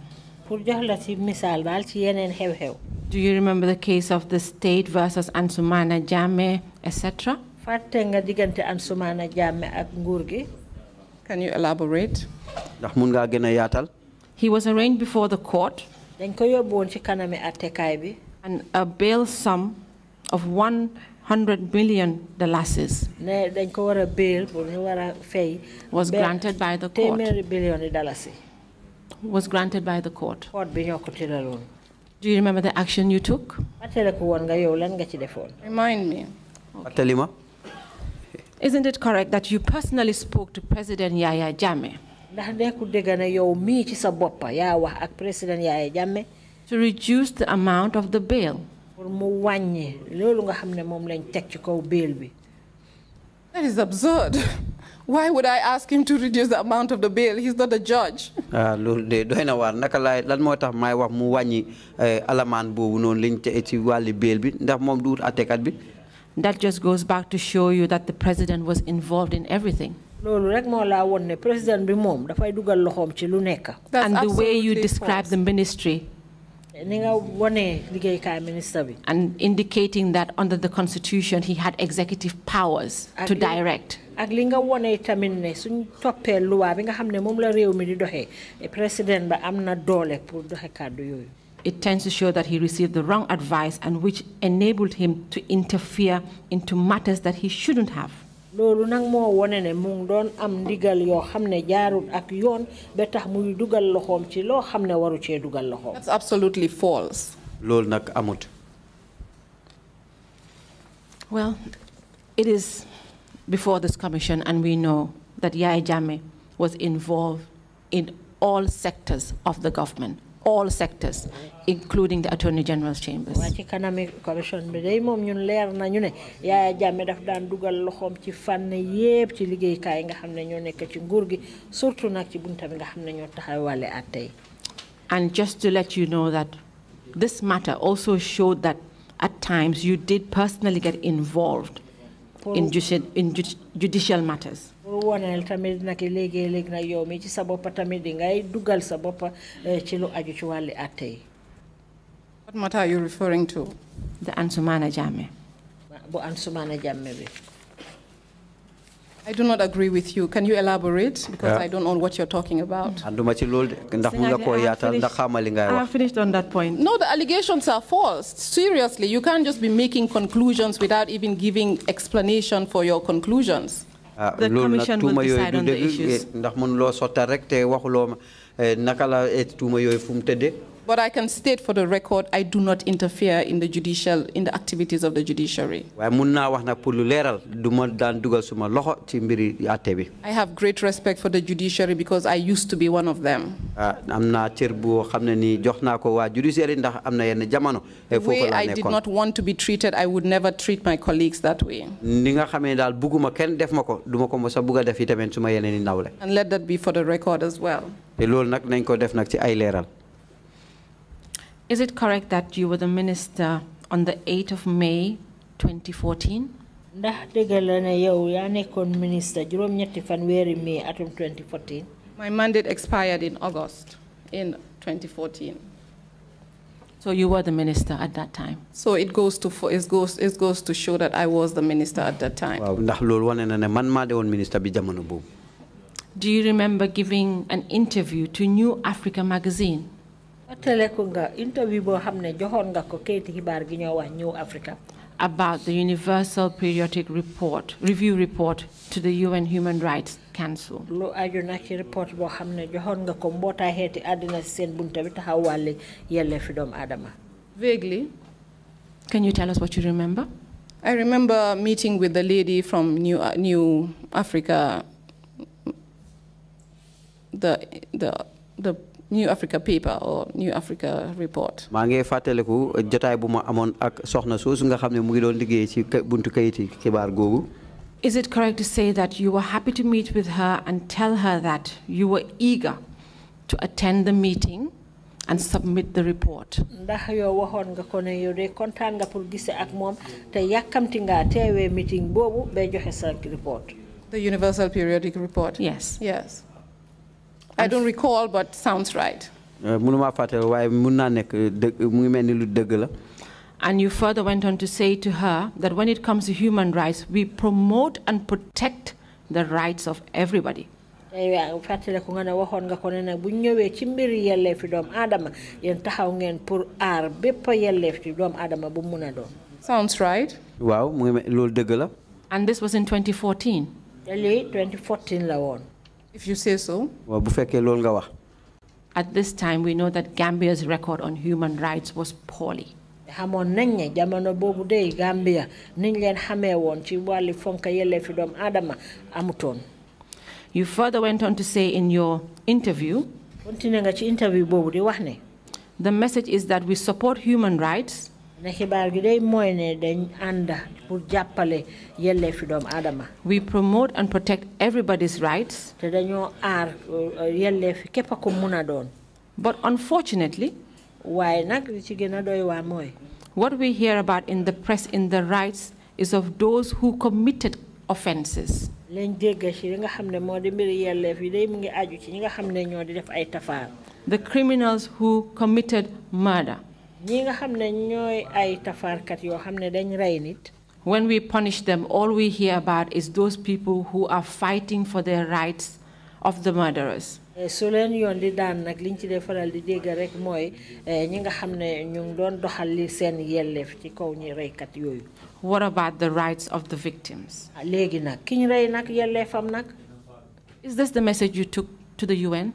pour jox la ci ci xew-xew. Do you remember the case of the state versus Ansumana Jame, etc fàtte nga ak nguur gi. Can you elaborate? ndax yaatal. He was arraigned before the court. dañ ko ci kanami bi. And a bail sum of one hundred million dollars. ne dañ ko bail bu ñu fay. was granted by the court téeméeri was granted by the court. court bi Do you remember the action you took? fàttaliku woon nga yow lan nga ci Remind me. Isn't it correct that you personally spoke to President Yaya Jammeh? To reduce the amount of the bail. That is absurd. Why would I ask him to reduce the amount of the bail? He's not a judge. Ah, that just goes back to show you that the president was involved in everything. That's and the way you describe the ministry and indicating that under the constitution he had executive powers to direct ak li nga wone tamit ne suñ toppee loi bi nga xam ne moom la réew mi di doxee eh, président ba am na doole pour doxe kàddu yooyu it tends to show that he received the wrong advice and which enabled him to interfere into matters that he shouldn't have. loolu nag moo wone ne mu ngi doon am ndigal yoo xam ne jaarul ak yoon ba tax muy dugal loxoom ci loo xam ne waru cee dugal loxoom. that's absolutely false. loolu nag amut. well it is before this commission and we know that Yaya Jammeh was involved in all sectors of the government all sectors, including the Attorney General's chambers. And just to let you know that this matter also showed that at times you did personally get involved in, in judicial matters dugal eh, What matter are you referring to? The Ansumana Jamme. Bu Ansumana Jamme I do not agree with you. Can you elaborate? Because yeah. I don't know what you're talking about. I have finished on that point. No, the allegations are false. Seriously, you can't just be making conclusions without even giving explanation for your conclusions. Ah, the commission will decide on the issues. Eh, ndax mënuloo sottal rek te waxuloo eh, but I can state for the record, I do not interfere in the judicial, in the activities of the judiciary. I have great respect for the judiciary because I used to be one of them. The ah, way eh, I did not want to be treated, I would never treat my colleagues that way. And let that be for the record as well. Is it correct that you were the minister on the 8th of May 2014? 2014. My mandate expired in August in 2014. So you were the minister at that time. So it goes to it goes it goes to show that I was the minister at that time. man de Do you remember giving an interview to New Africa magazine? about the Universal Periodic Report, Review Report to the UN Human Rights Council. report bo adina adama. Vaguely. Can you tell us what you remember? I remember meeting with the lady from New uh, New Africa the the the New Africa paper or New Africa report. jotaay ak soxna nga mu ngi doon ci buntu kayiti Is it correct to say that you were happy to meet with her and tell her that you were eager to attend the meeting and submit the report? ndax nga ko ne de nga pour ak te nga meeting joxe sa report. The Universal Periodic Report. Yes. Yes. I don't recall, but sounds right. Uh, and you further went on to say to her that when it comes to human rights, we promote and protect the rights of everybody. sounds right. Wow, and this was in 2014. 2014 la if you say so. At this time, we know that Gambia's record on human rights was poorly. Gambia You further went on to say in your interview. interview The message is that we support human rights. We promote and protect everybody's rights. Uh, but unfortunately, what we hear about in the press in the rights is of those who committed offenses. The criminals who committed murder. When we punish them, all we hear about is those people who are fighting for the rights of the murderers. What about the rights of the victims? Ah, is this the message you took to the UN?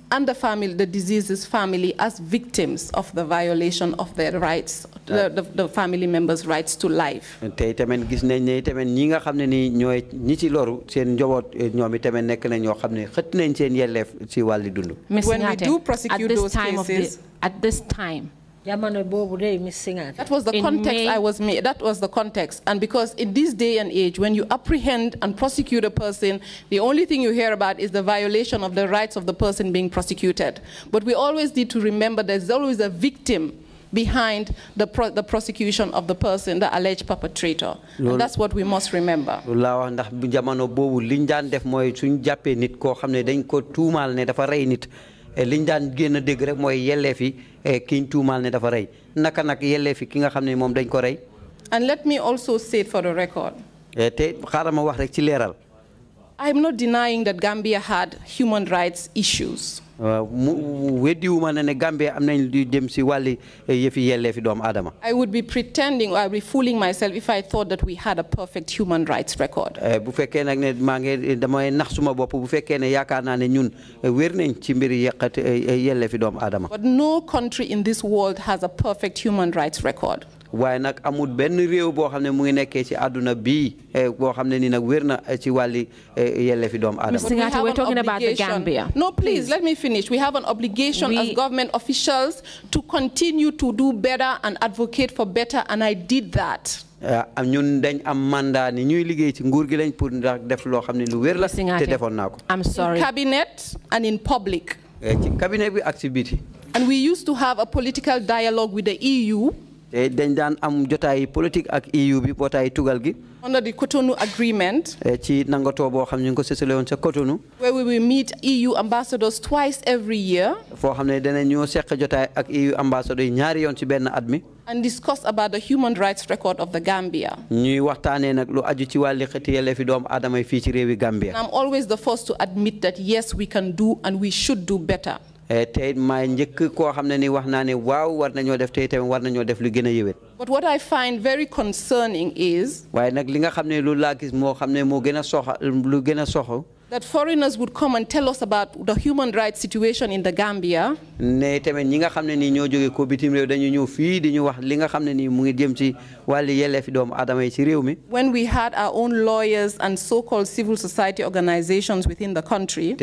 and the family, the diseases family as victims of the violation of their rights, the, the, the family members' rights to life. Eh, when we do prosecute those cases, at this time. That was the in context May. I was made. That was the context. And because in this day and age, when you apprehend and prosecute a person, the only thing you hear about is the violation of the rights of the person being prosecuted. But we always need to remember there's always a victim behind the, pro the prosecution of the person, the alleged perpetrator. and that's what we must remember. Eh, liñ daan génn dégg rek mooy yelleefi eh, kiñ tuumaal ne dafa rey naka nag yelleefi ki nga xam ne moom dañ ko rey. and let me also say for the record. Eh, te xaaral ma wax rek ci leeral. I'm not denying that Gambia had human rights issues. Uh, eh, I would be pretending or I would be fooling myself if I thought that we had a perfect human rights record. But no country in this world has a perfect human rights record. waaye nag amul benn réew boo xam ne mu ngi nekkee ci àdduna bii eh, boo xam ne ni nag wér na eh, ci wàlli eh, yelleefi doomu aadama. we're talking about the Gambia. No, please, let me finish. We have an obligation we, as government officials to continue to do better and advocate for better, and I did that. ñun dañ am mandat ni ñuy liggéey ci nguur gi lañ pour ndax def loo xam ne lu wér la te defoon naa ko. I'm sorry. In cabinet and in public. ci cabinet bi ak ci And we used to have a political dialogue with the EU. Eh, dañ daan am jotaay politique ak EU bi tugal gi. under the Cotonou agreement. Eh, ci ñu ko Cotonou. where we will meet EU ambassadors twice every year. foo xam ne danañ ñoo jotaay ak EU ambassadors ñaari yoon ci benn at and discuss about the human rights record of the Gambia. ñuy lu aju ci ci Gambia. I'm always the first to admit that yes we can do and we should do better. Eh, but what I find very concerning is that foreigners would come and tell us about the human rights situation in the Gambia when we had our own lawyers and so-called civil society organizations within the country,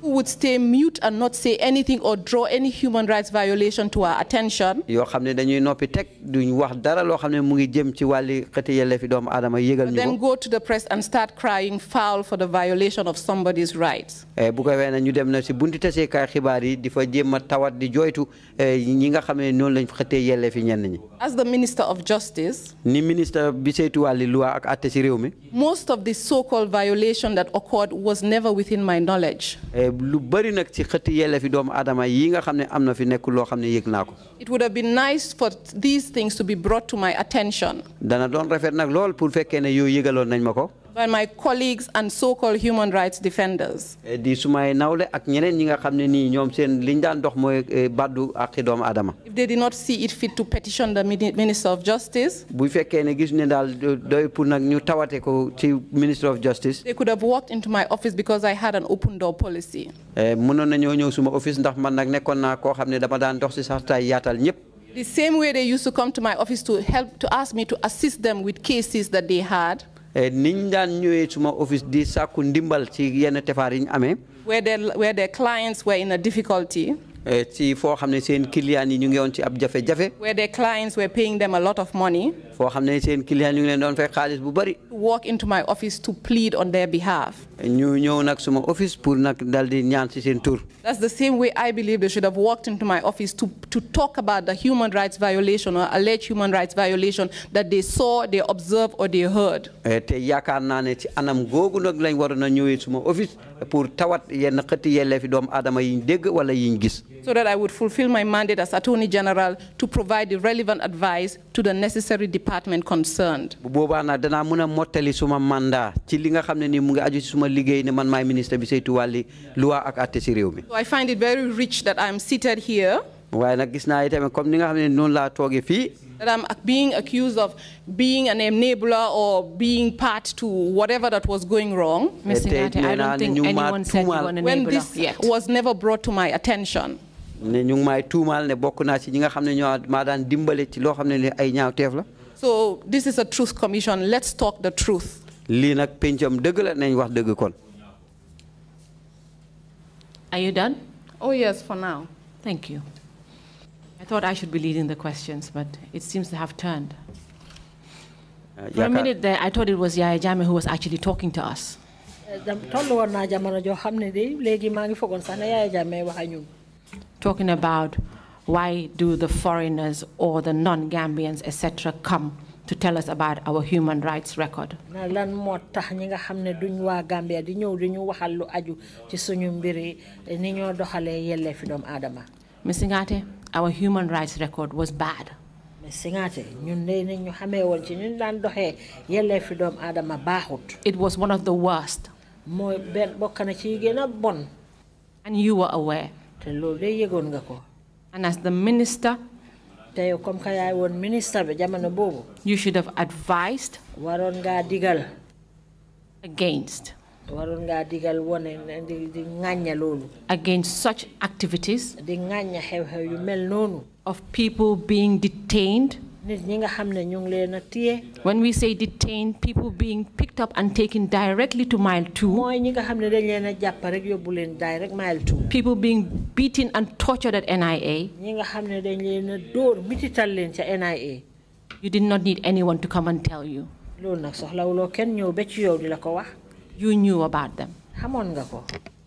who would stay mute and not say anything or draw any human rights violation to our attention, then go to the press and start crying foul for the violation of somebody's rights. Eh, nga xam ne noonu lañ xëttee yellee fi ñenn ñi. ni ministre bi saytu wàlli loi ak àtte si réew mi. most of the so-called violation that occurred was never within my knowledge. Eh, lu bari nag si xëtt yellee fi doomu aadama yi nga xam ne am na fi nekk loo xam ne yëg naa ko. it would have been nice for these things to be brought to my attention. dana doon rafet nag lool pour fekkee ne yow yëgaloon nañ ma ko. by my colleagues and so-called human rights defenders. Eh, eh, if they did not see it fit to petition the Minister of Justice, Minister of Justice, they could have walked into my office because I had an open door policy. Eh, the same way they used to come to my office to help to ask me to assist them with cases that they had. Eh, niñ daan ñëwee suma office di sàkku ndimbal ci yenn tefaar yi ñu amee. where their where their clients were in a difficulty. Eh, ci foo xam ne seen clients yi ñu ngi woon ci ab jafe-jafe. where their clients were paying them a lot of money. walk into my office to plead on their behalf. that's the same way I believe they should have walked into my office to to talk about the human rights violation or alleged human rights violation that they saw they observed or they heard. Eh, so that I would fulfill my mandate as Attorney General to provide the relevant advice to the necessary department department concerned. so I find it very rich that I am seated here. that I'm being accused of being an enabler or being part to whatever that was going wrong. I don't think anyone said you were an enabler When this yet. was never brought to my attention. ne ñu ngi may tuumaal ne bokk naa ñi nga xam ne ñoo daan dimbale ci loo xam ne ay la so this is a truth commission let's talk the truth. lii nag pencam dëgg la nañ wax kon. Are you done? Oh, yes, for now. Thank you. I thought I should be leading the questions, but it seems to have turned. Uh, For a minute there, I thought it was Yaya Jame who was actually talking to us. Talking about why do the foreigners or the non-Gambians, etc., come to tell us about our human rights record? lan Gambia eh, Ngate, our human rights record was bad. It was one of the worst. And you were aware. And as the minister, you should have advised against against such activities of people being detained when we say detained, people being picked up and taken directly to mile two. People being beaten and tortured at NIA. You did not need anyone to come and tell you. You knew about them.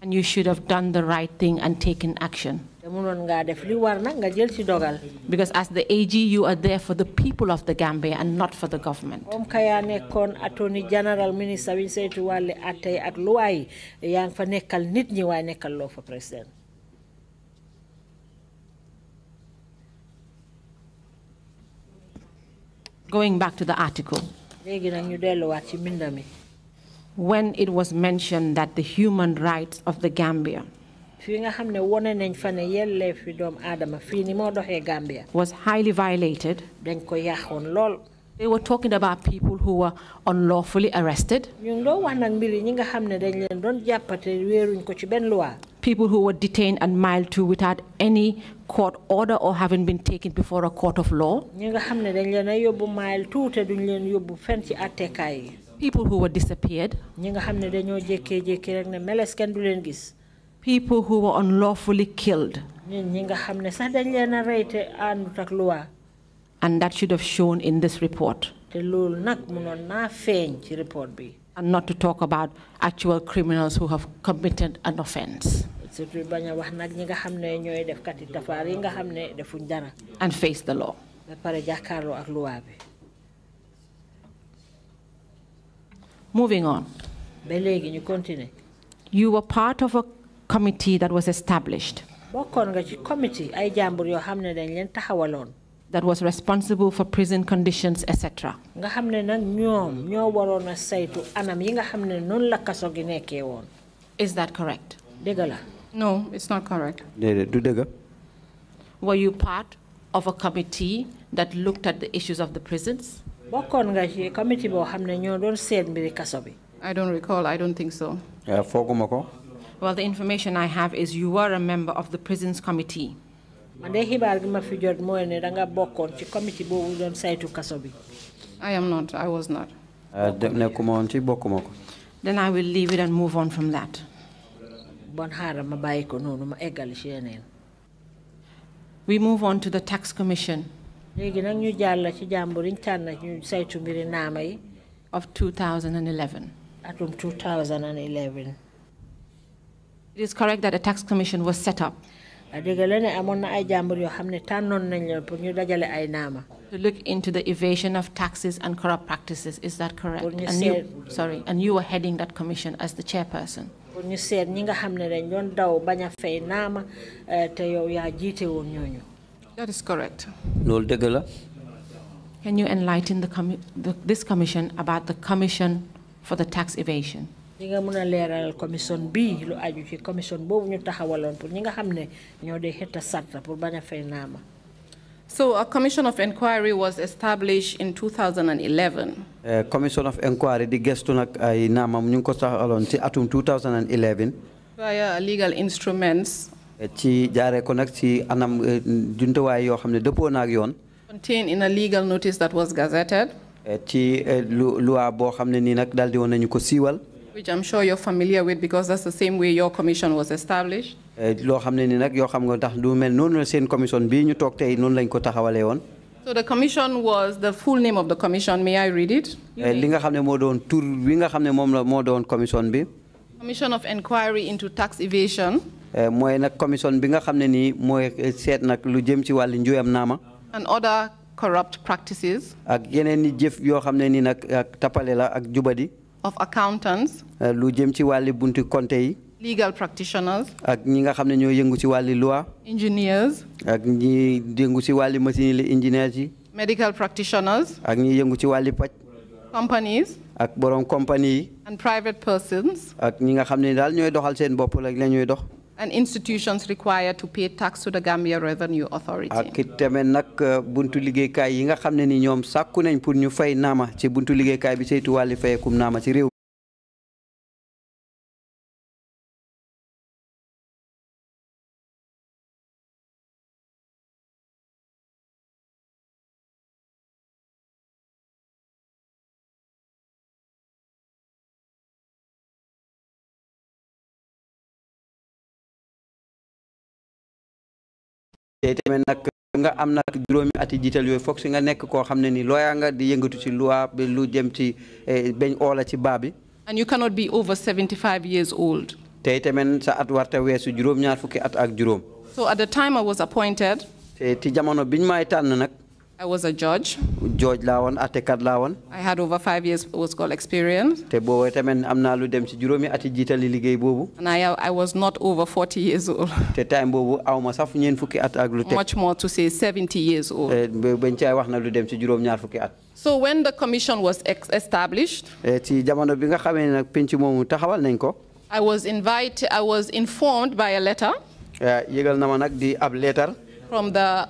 And you should have done the right thing and taken action. Because as the AG, you are there for the people of the Gambia and not for the government. Going back to the article. When it was mentioned that the human rights of the Gambia was highly violated. They were talking about people who were unlawfully arrested. People who were detained and mild to without any court order or having been taken before a court of law. People who were disappeared people who were unlawfully killed. And that should have shown in this report. And not to talk about actual criminals who have committed an offense. And face the law. Moving on. You were part of a committee that was established. that was responsible for prison conditions etc. nga nga la is that correct. no it's not correct. were you part of a committee that looked at the issues of the prisons. nga I don't recall I don't think so. Well, the information I have is you were a member of the prisons committee. I am not. I was not. Ah, then I will leave it and move on from that. We move on to the tax commission. Of 2011. 2011. It is correct that a tax commission was set up. To look into the evasion of taxes and corrupt practices, is that correct? And you, sorry, and you were heading that commission as the chairperson. Eh, that is correct. Can you enlighten the, the, this commission about the commission for the tax evasion? nga commission lu ci commission ñu pour ñi nga ñoo pour fay So a commission of inquiry was established in 2011. Uh, commission of inquiry di gestu nag ay naamam ñu ko ci atum 2011. via legal instruments. ci jaaree ko ci anam jumtuwaay yoo xam ne na yoon. contained in a legal notice that was gazetted. ci lu loi boo xam ne nii nag daal nañu ko which I'm sure you're familiar with because that's the same way your commission was established. So the commission was the full name of the commission. May I read it? Commission of Inquiry into Tax Evasion. Eh, and other corrupt practices of accountants. Euh, legal practitioners. engineers. medical practitioners. companies. and private persons. and institutions required to pay tax to the Gambia Revenue Authority. ak itamit nag uh, buntu liggéeykaay yi nga xam ne ni ñoom sàkku nañ pour ñu fay naama ci buntu liggéeykaay bi saytu wàlli fayekum naama ci réew te tamit nag nga am nag juróomi ati jiital yooyu foog nga nekk koo xam ni looyaa nga di yëngatu ci loi bi lu jëm ci eh, beñ oola ci baa bi. and you cannot be over 75 years old. te tamit sa at warta weesu juróom ñaar fukki at ak juróom. so at the time I was appointed. te jamono biñ may tànn nag. I was a judge. Judge lawan, atekat lawan. I had over five years of school experience. Te bobo tamen amna lu dem ci juromi ati jitali liggey bobu. And I I was not over 40 years old. Te time bobu awma saf ñeen fukki at ak lu Much more to say 70 years old. Ben ci ay wax na lu dem ci juroom ñaar fukki at. So when the commission was established, eh, ci jamono bi nga xamé nak penc momu taxawal nañ ko. I was invited I was informed by a letter. Eh, Yegal na nak di ab letter. From the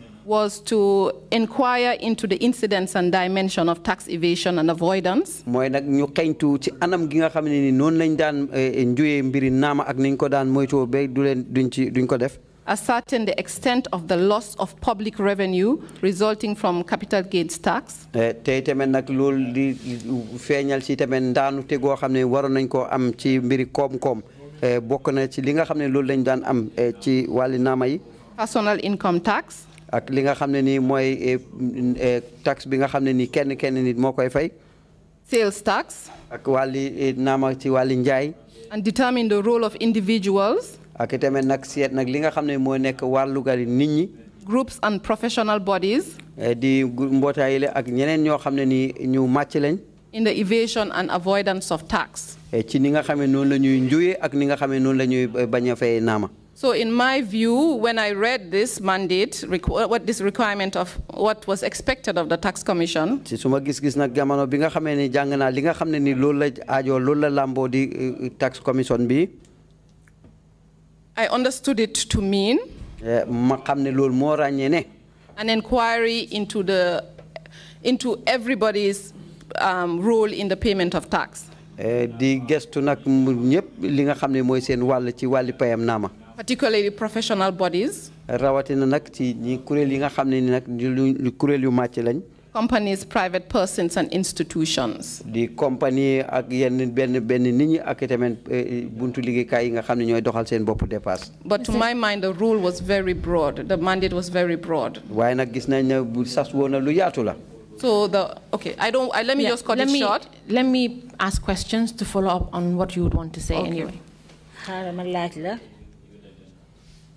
was to inquire into the incidence and dimension of tax evasion and avoidance. ascertain eh, the extent of the loss of public revenue resulting from capital gains tax. Eh, eh, personal income tax ak li nga xam ne nii eh, mm, eh, tax bi nga xam ne nii kenn kenn nit moo koy fay. sales tax. ak wàlli eh, naama ci wali njaay. and determine the role of individuals. ak itamit nag seet nag li nga xam ne moo nekk wàllu gari nit ñi. groups and professional bodies. di mbootaay la ak ñeneen ñoo xam ne nii ñu màcc lañ. in the evasion and avoidance of tax. ci ni nga xam ne noonu la ñuy njuyee ak ni nga xam ne noonu bañ fay naama. So in my view, when I read this mandate, uh, what this requirement of what was expected of the tax commission. Uh, uh, tax commission I understood it to mean eh, an inquiry into the into everybody's um, role in the payment of tax. Eh, particularly professional bodies. companies, private persons and institutions. The company eh, buntu nga But to my mind the rule was very broad. The mandate was very broad. na So the okay, I don't. I, let me yeah, just cut let it me, short. Let me ask questions to follow up on what you would want to say okay. anyway.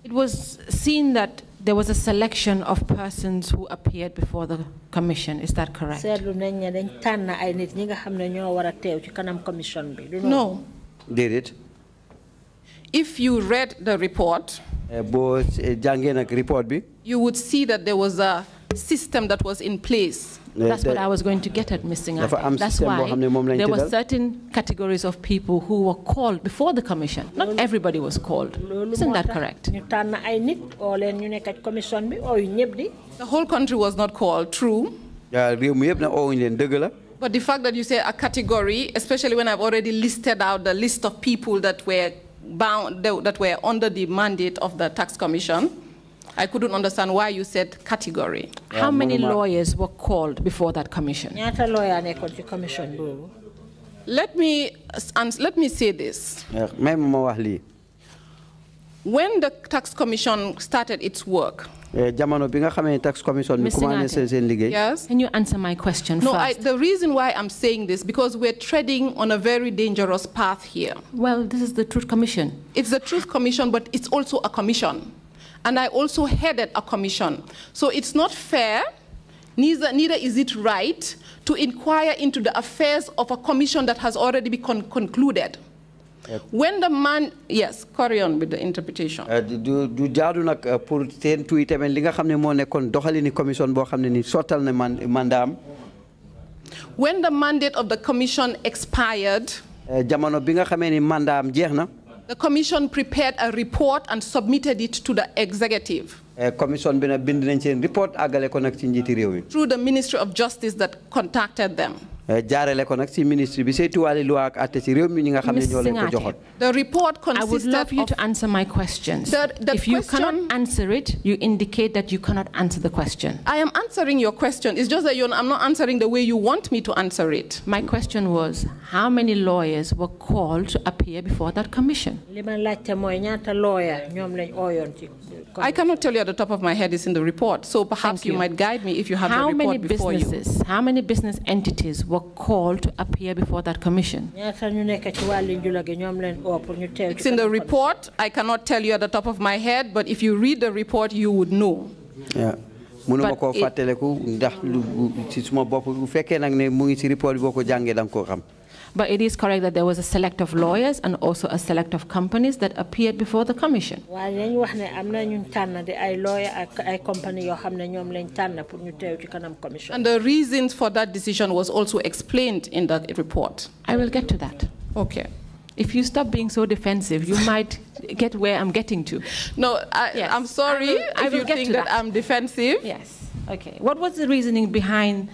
It was seen that there was a selection of persons who appeared before the commission. Is that correct? No. Did it? If you read the report, eh, eh, you would see that there was a system that was in place that's what I was going to get at, missing out. That's why there were certain categories of people who were called before the commission. Not everybody was called. Isn't that correct? The whole country was not called, true. But the fact that you say a category, especially when I've already listed out the list of people that were bound that were under the mandate of the tax commission I couldn't understand why you said category. How many lawyers were called before that commission? Let me, and let me say this. When the tax commission started its work, eh, Mr. Yes. Can you answer my question no, first? No, the reason why I'm saying this because we're treading on a very dangerous path here. Well, this is the Truth Commission. It's the Truth Commission, but it's also a commission and I also headed a commission. So it's not fair, neither, neither is it right, to inquire into the affairs of a commission that has already been con concluded. Uh, when the man yes carry on with the interpretation uh, du du jaadu nag uh, pour seen tuuti tamit li nga xam ne moo nekkoon commission boo xam ni sottal na man mandaam when the mandate of the commission expired uh, jamono bi nga xamee ni mandaam jeex the commission prepared a report and submitted it to the executive. Eh, commission report àggale ko nag Through the Ministry of Justice that contacted them. Eh, jaarale ko ci ministre bi ak àtte ci mi ñi nga ñoo leen ko the report consists of I would love you to answer my questions. The, the if you question, cannot answer it, you indicate that you cannot answer the question. I am answering your question. It's just that you I'm not answering the way you want me to answer it. My question was how many lawyers were called to appear before that commission? I cannot tell you at the top of my head. It's in the report. So perhaps you. you. might guide me if you have how the report before businesses, you. How many business entities? were called to appear before that commission. It's in the report. I cannot tell you at the top of my head, but if you read the report, you would know. Yeah. But it is correct that there was a select of lawyers and also a select of companies that appeared before the commission. And the reasons for that decision was also explained in that report. I will get to that. Okay if you stop being so defensive, you might get where I'm getting to. No, I, am sorry I will, I if you think that. that. I'm defensive. Yes. Okay. What was the reasoning behind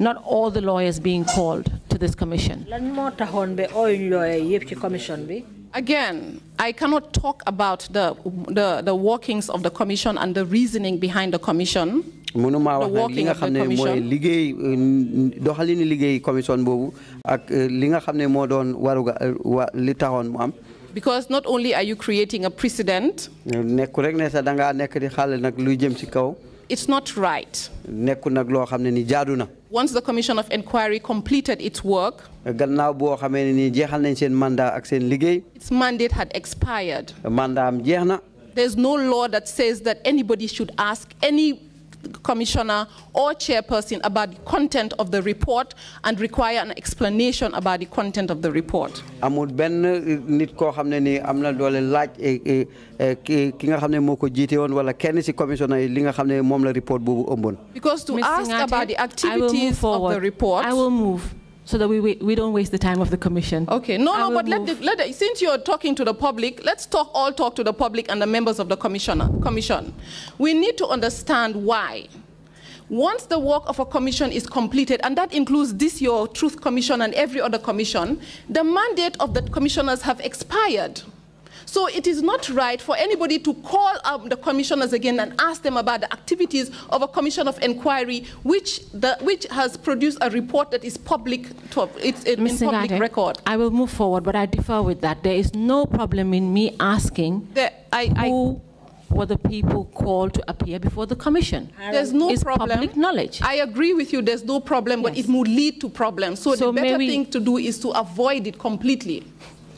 not all the lawyers being called to this commission. Again, I cannot talk about the, the, the workings of the commission and the reasoning behind the commission. commission euh, euh, euh, because not only are you creating a precedent. it's not right once the commission of inquiry completed its work its mandate had expired there's no law that says that anybody should ask any commissioner or chairperson about the content of the report and require an explanation about the content of the report. amul benn eh, nit koo xam ne ni am na doole laaj eh, eh, ki nga xam ne moo ko jiite woon wala kenn ci commissioner yi li nga xam ne moom la report boobu ëmboon. because to ask about the activities of the report. I will move so that we, we don't waste the time of the commission. Okay, no, I no, but let the, let the, since you're talking to the public, let's talk all talk to the public and the members of the commissioner, commission. We need to understand why. Once the work of a commission is completed, and that includes this your truth commission and every other commission, the mandate of the commissioners have expired. So it is not right for anybody to call up the commissioners again and ask them about the activities of a commission of inquiry, which, the, which has produced a report that is public, to, it's in, public Nade, record. I will move forward, but I differ with that. There is no problem in me asking the, I, who I, were the people called to appear before the commission. There's no it's problem. public knowledge. I agree with you, there's no problem, yes. but it would lead to problems. So, so the better we, thing to do is to avoid it completely.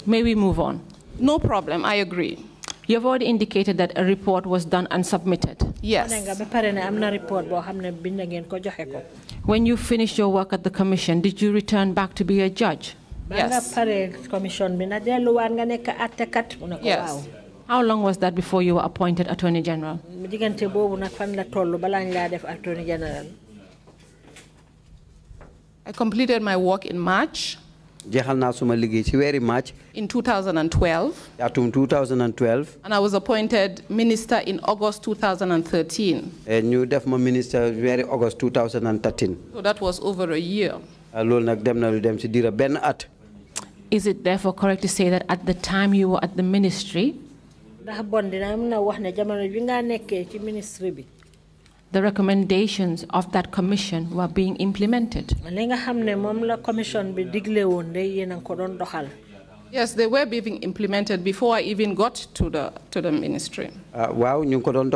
May we move on? No problem, I agree. You've already indicated that a report was done and submitted. Yes. When you finished your work at the commission, did you return back to be a judge? Yes. Yes. How long was that before you were appointed Attorney General? I completed my work in March jeexal naa suma liggéey ci in 2012. atum 2012. and I was appointed minister in August 2013. ñu def ma minister very August 2013. so that was over a year. Uh, loolu nag dem na lu dem ci diira benn at. is it therefore correct to say that at the time you were at the ministry. ndax bon dinaa mën a wax ne jamono bi ministry bi the recommendations of that commission were being implemented. Yes, they were being implemented before I even got to the to the ministry. Wow, bala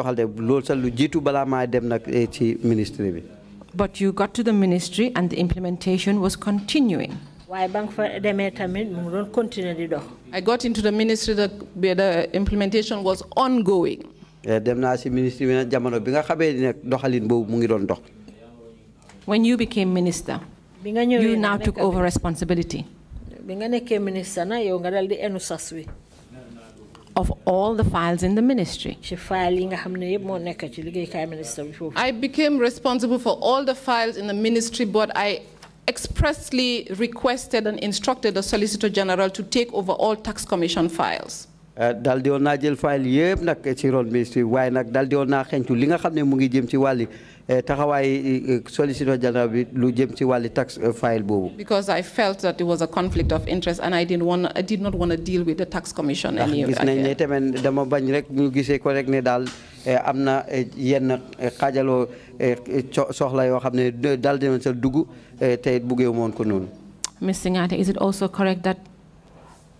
ma dem eh, ministry But you got to the ministry and the implementation was continuing. I got into the ministry, the, the implementation was ongoing. Eh, when you became minister. you now took over responsibility. of all the files in the ministry. I became responsible for all the files in the ministry, but I expressly requested and instructed the Solicitor General to take over all tax commission files. Eh, daal di jël file yëpp nag eh, ci ron ministre yi waaye nag daal di li nga xam mu ngi jëm ci eh, général bi lu jëm ci tax file boobu. because I felt that it was a conflict of interest and I didn't want I did not want to deal with the tax commission. anyway gis nañ dama bañ rek ñu ko rek ne yenn soxla sa dugg te ko Mr. is it also correct that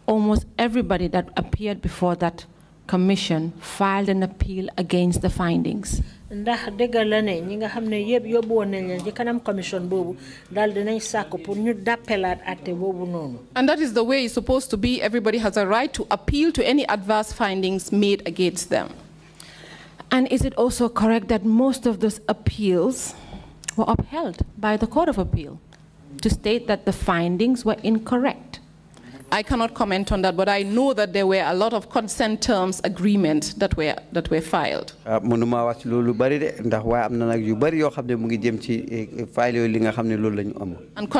almost everybody that appeared before that commission filed an appeal against the findings. ndax dëggal la ne ñi nga xam ne yëpp yóbbu woon nañ leen ci kanam commission boobu daal dinañ sàkk pour ñu dàppelaat boobu noonu. and that is the way it's supposed to be everybody has a right to appeal to any adverse findings made against them. and is it also correct that most of those appeals were upheld by the court of appeal to state that the findings were incorrect. I cannot comment on that, but I know that there were a lot of consent terms agreements that were that were filed. And ah, wax ci loolu am eh, eh, And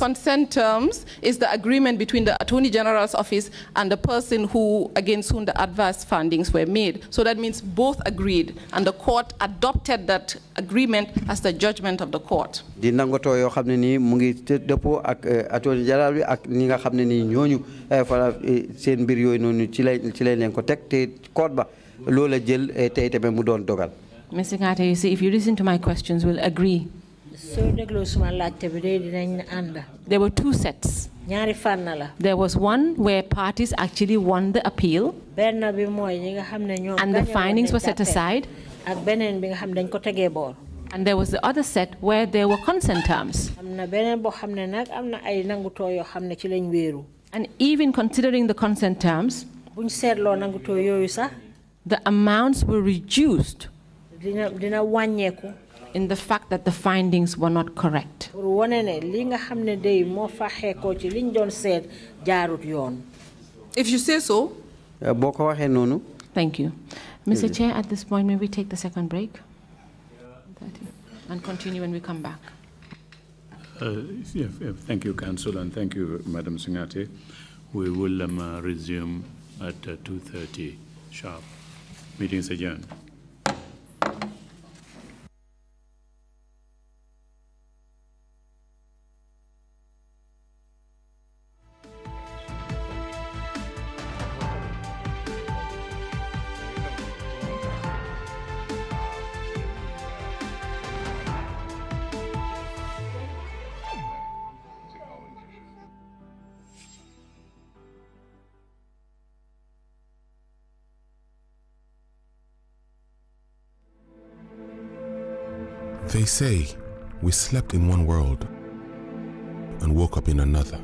consent terms is the agreement between the Attorney General's office and the person who against whom the adverse findings were made. So that means both agreed, and the court adopted that agreement as the judgment of the court ñooñu eh, eh, seen ci lay ci ko te code ba loola jël eh, mu doon dogal. Mr. Gata, you see, if you listen to my questions, we'll agree. There were two sets. There was one where parties actually won the appeal, and the findings were set aside. And there was the other set where there were consent terms. And even considering the consent terms, the amounts were reduced in the fact that the findings were not correct. If you say so. Eh, Thank you. Mr. Eh. Chair, at this point, may we take the second break? 7.30 and continue when we come back. Uh, yeah, yeah, thank you, Council, and thank you, Madam Singate. We will um, uh, resume at uh, 2.30 sharp. Meeting is adjourned. They say we slept in one world and woke up in another.